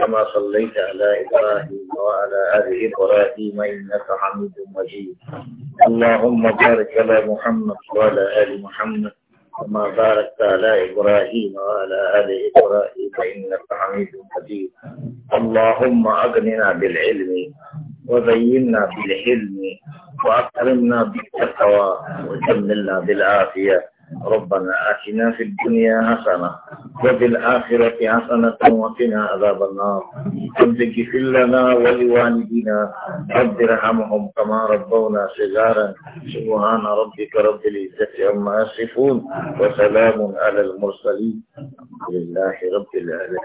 كما صليت على إبراهيم وعلى آل إبراهيم إنك حميد مجيد اللهم بارك على محمد وعلى آل محمد كما باركت على إبراهيم وعلى آل إبراهيم إنك حميد مجيد اللهم أغننا بالعلم وزينا بالحلم وأكرمنا بالتقوى وجملنا بالعافية ربنا آتنا في الدنيا حسنة وفي الآخرة حسنة وقنا عذاب النار رب اغفر لنا ولوالدينا رب ارحمهم كما ربونا صغارا سبحان ربك رب العزة عما يصفون وسلام على المرسلين الحمد لله رب العالمين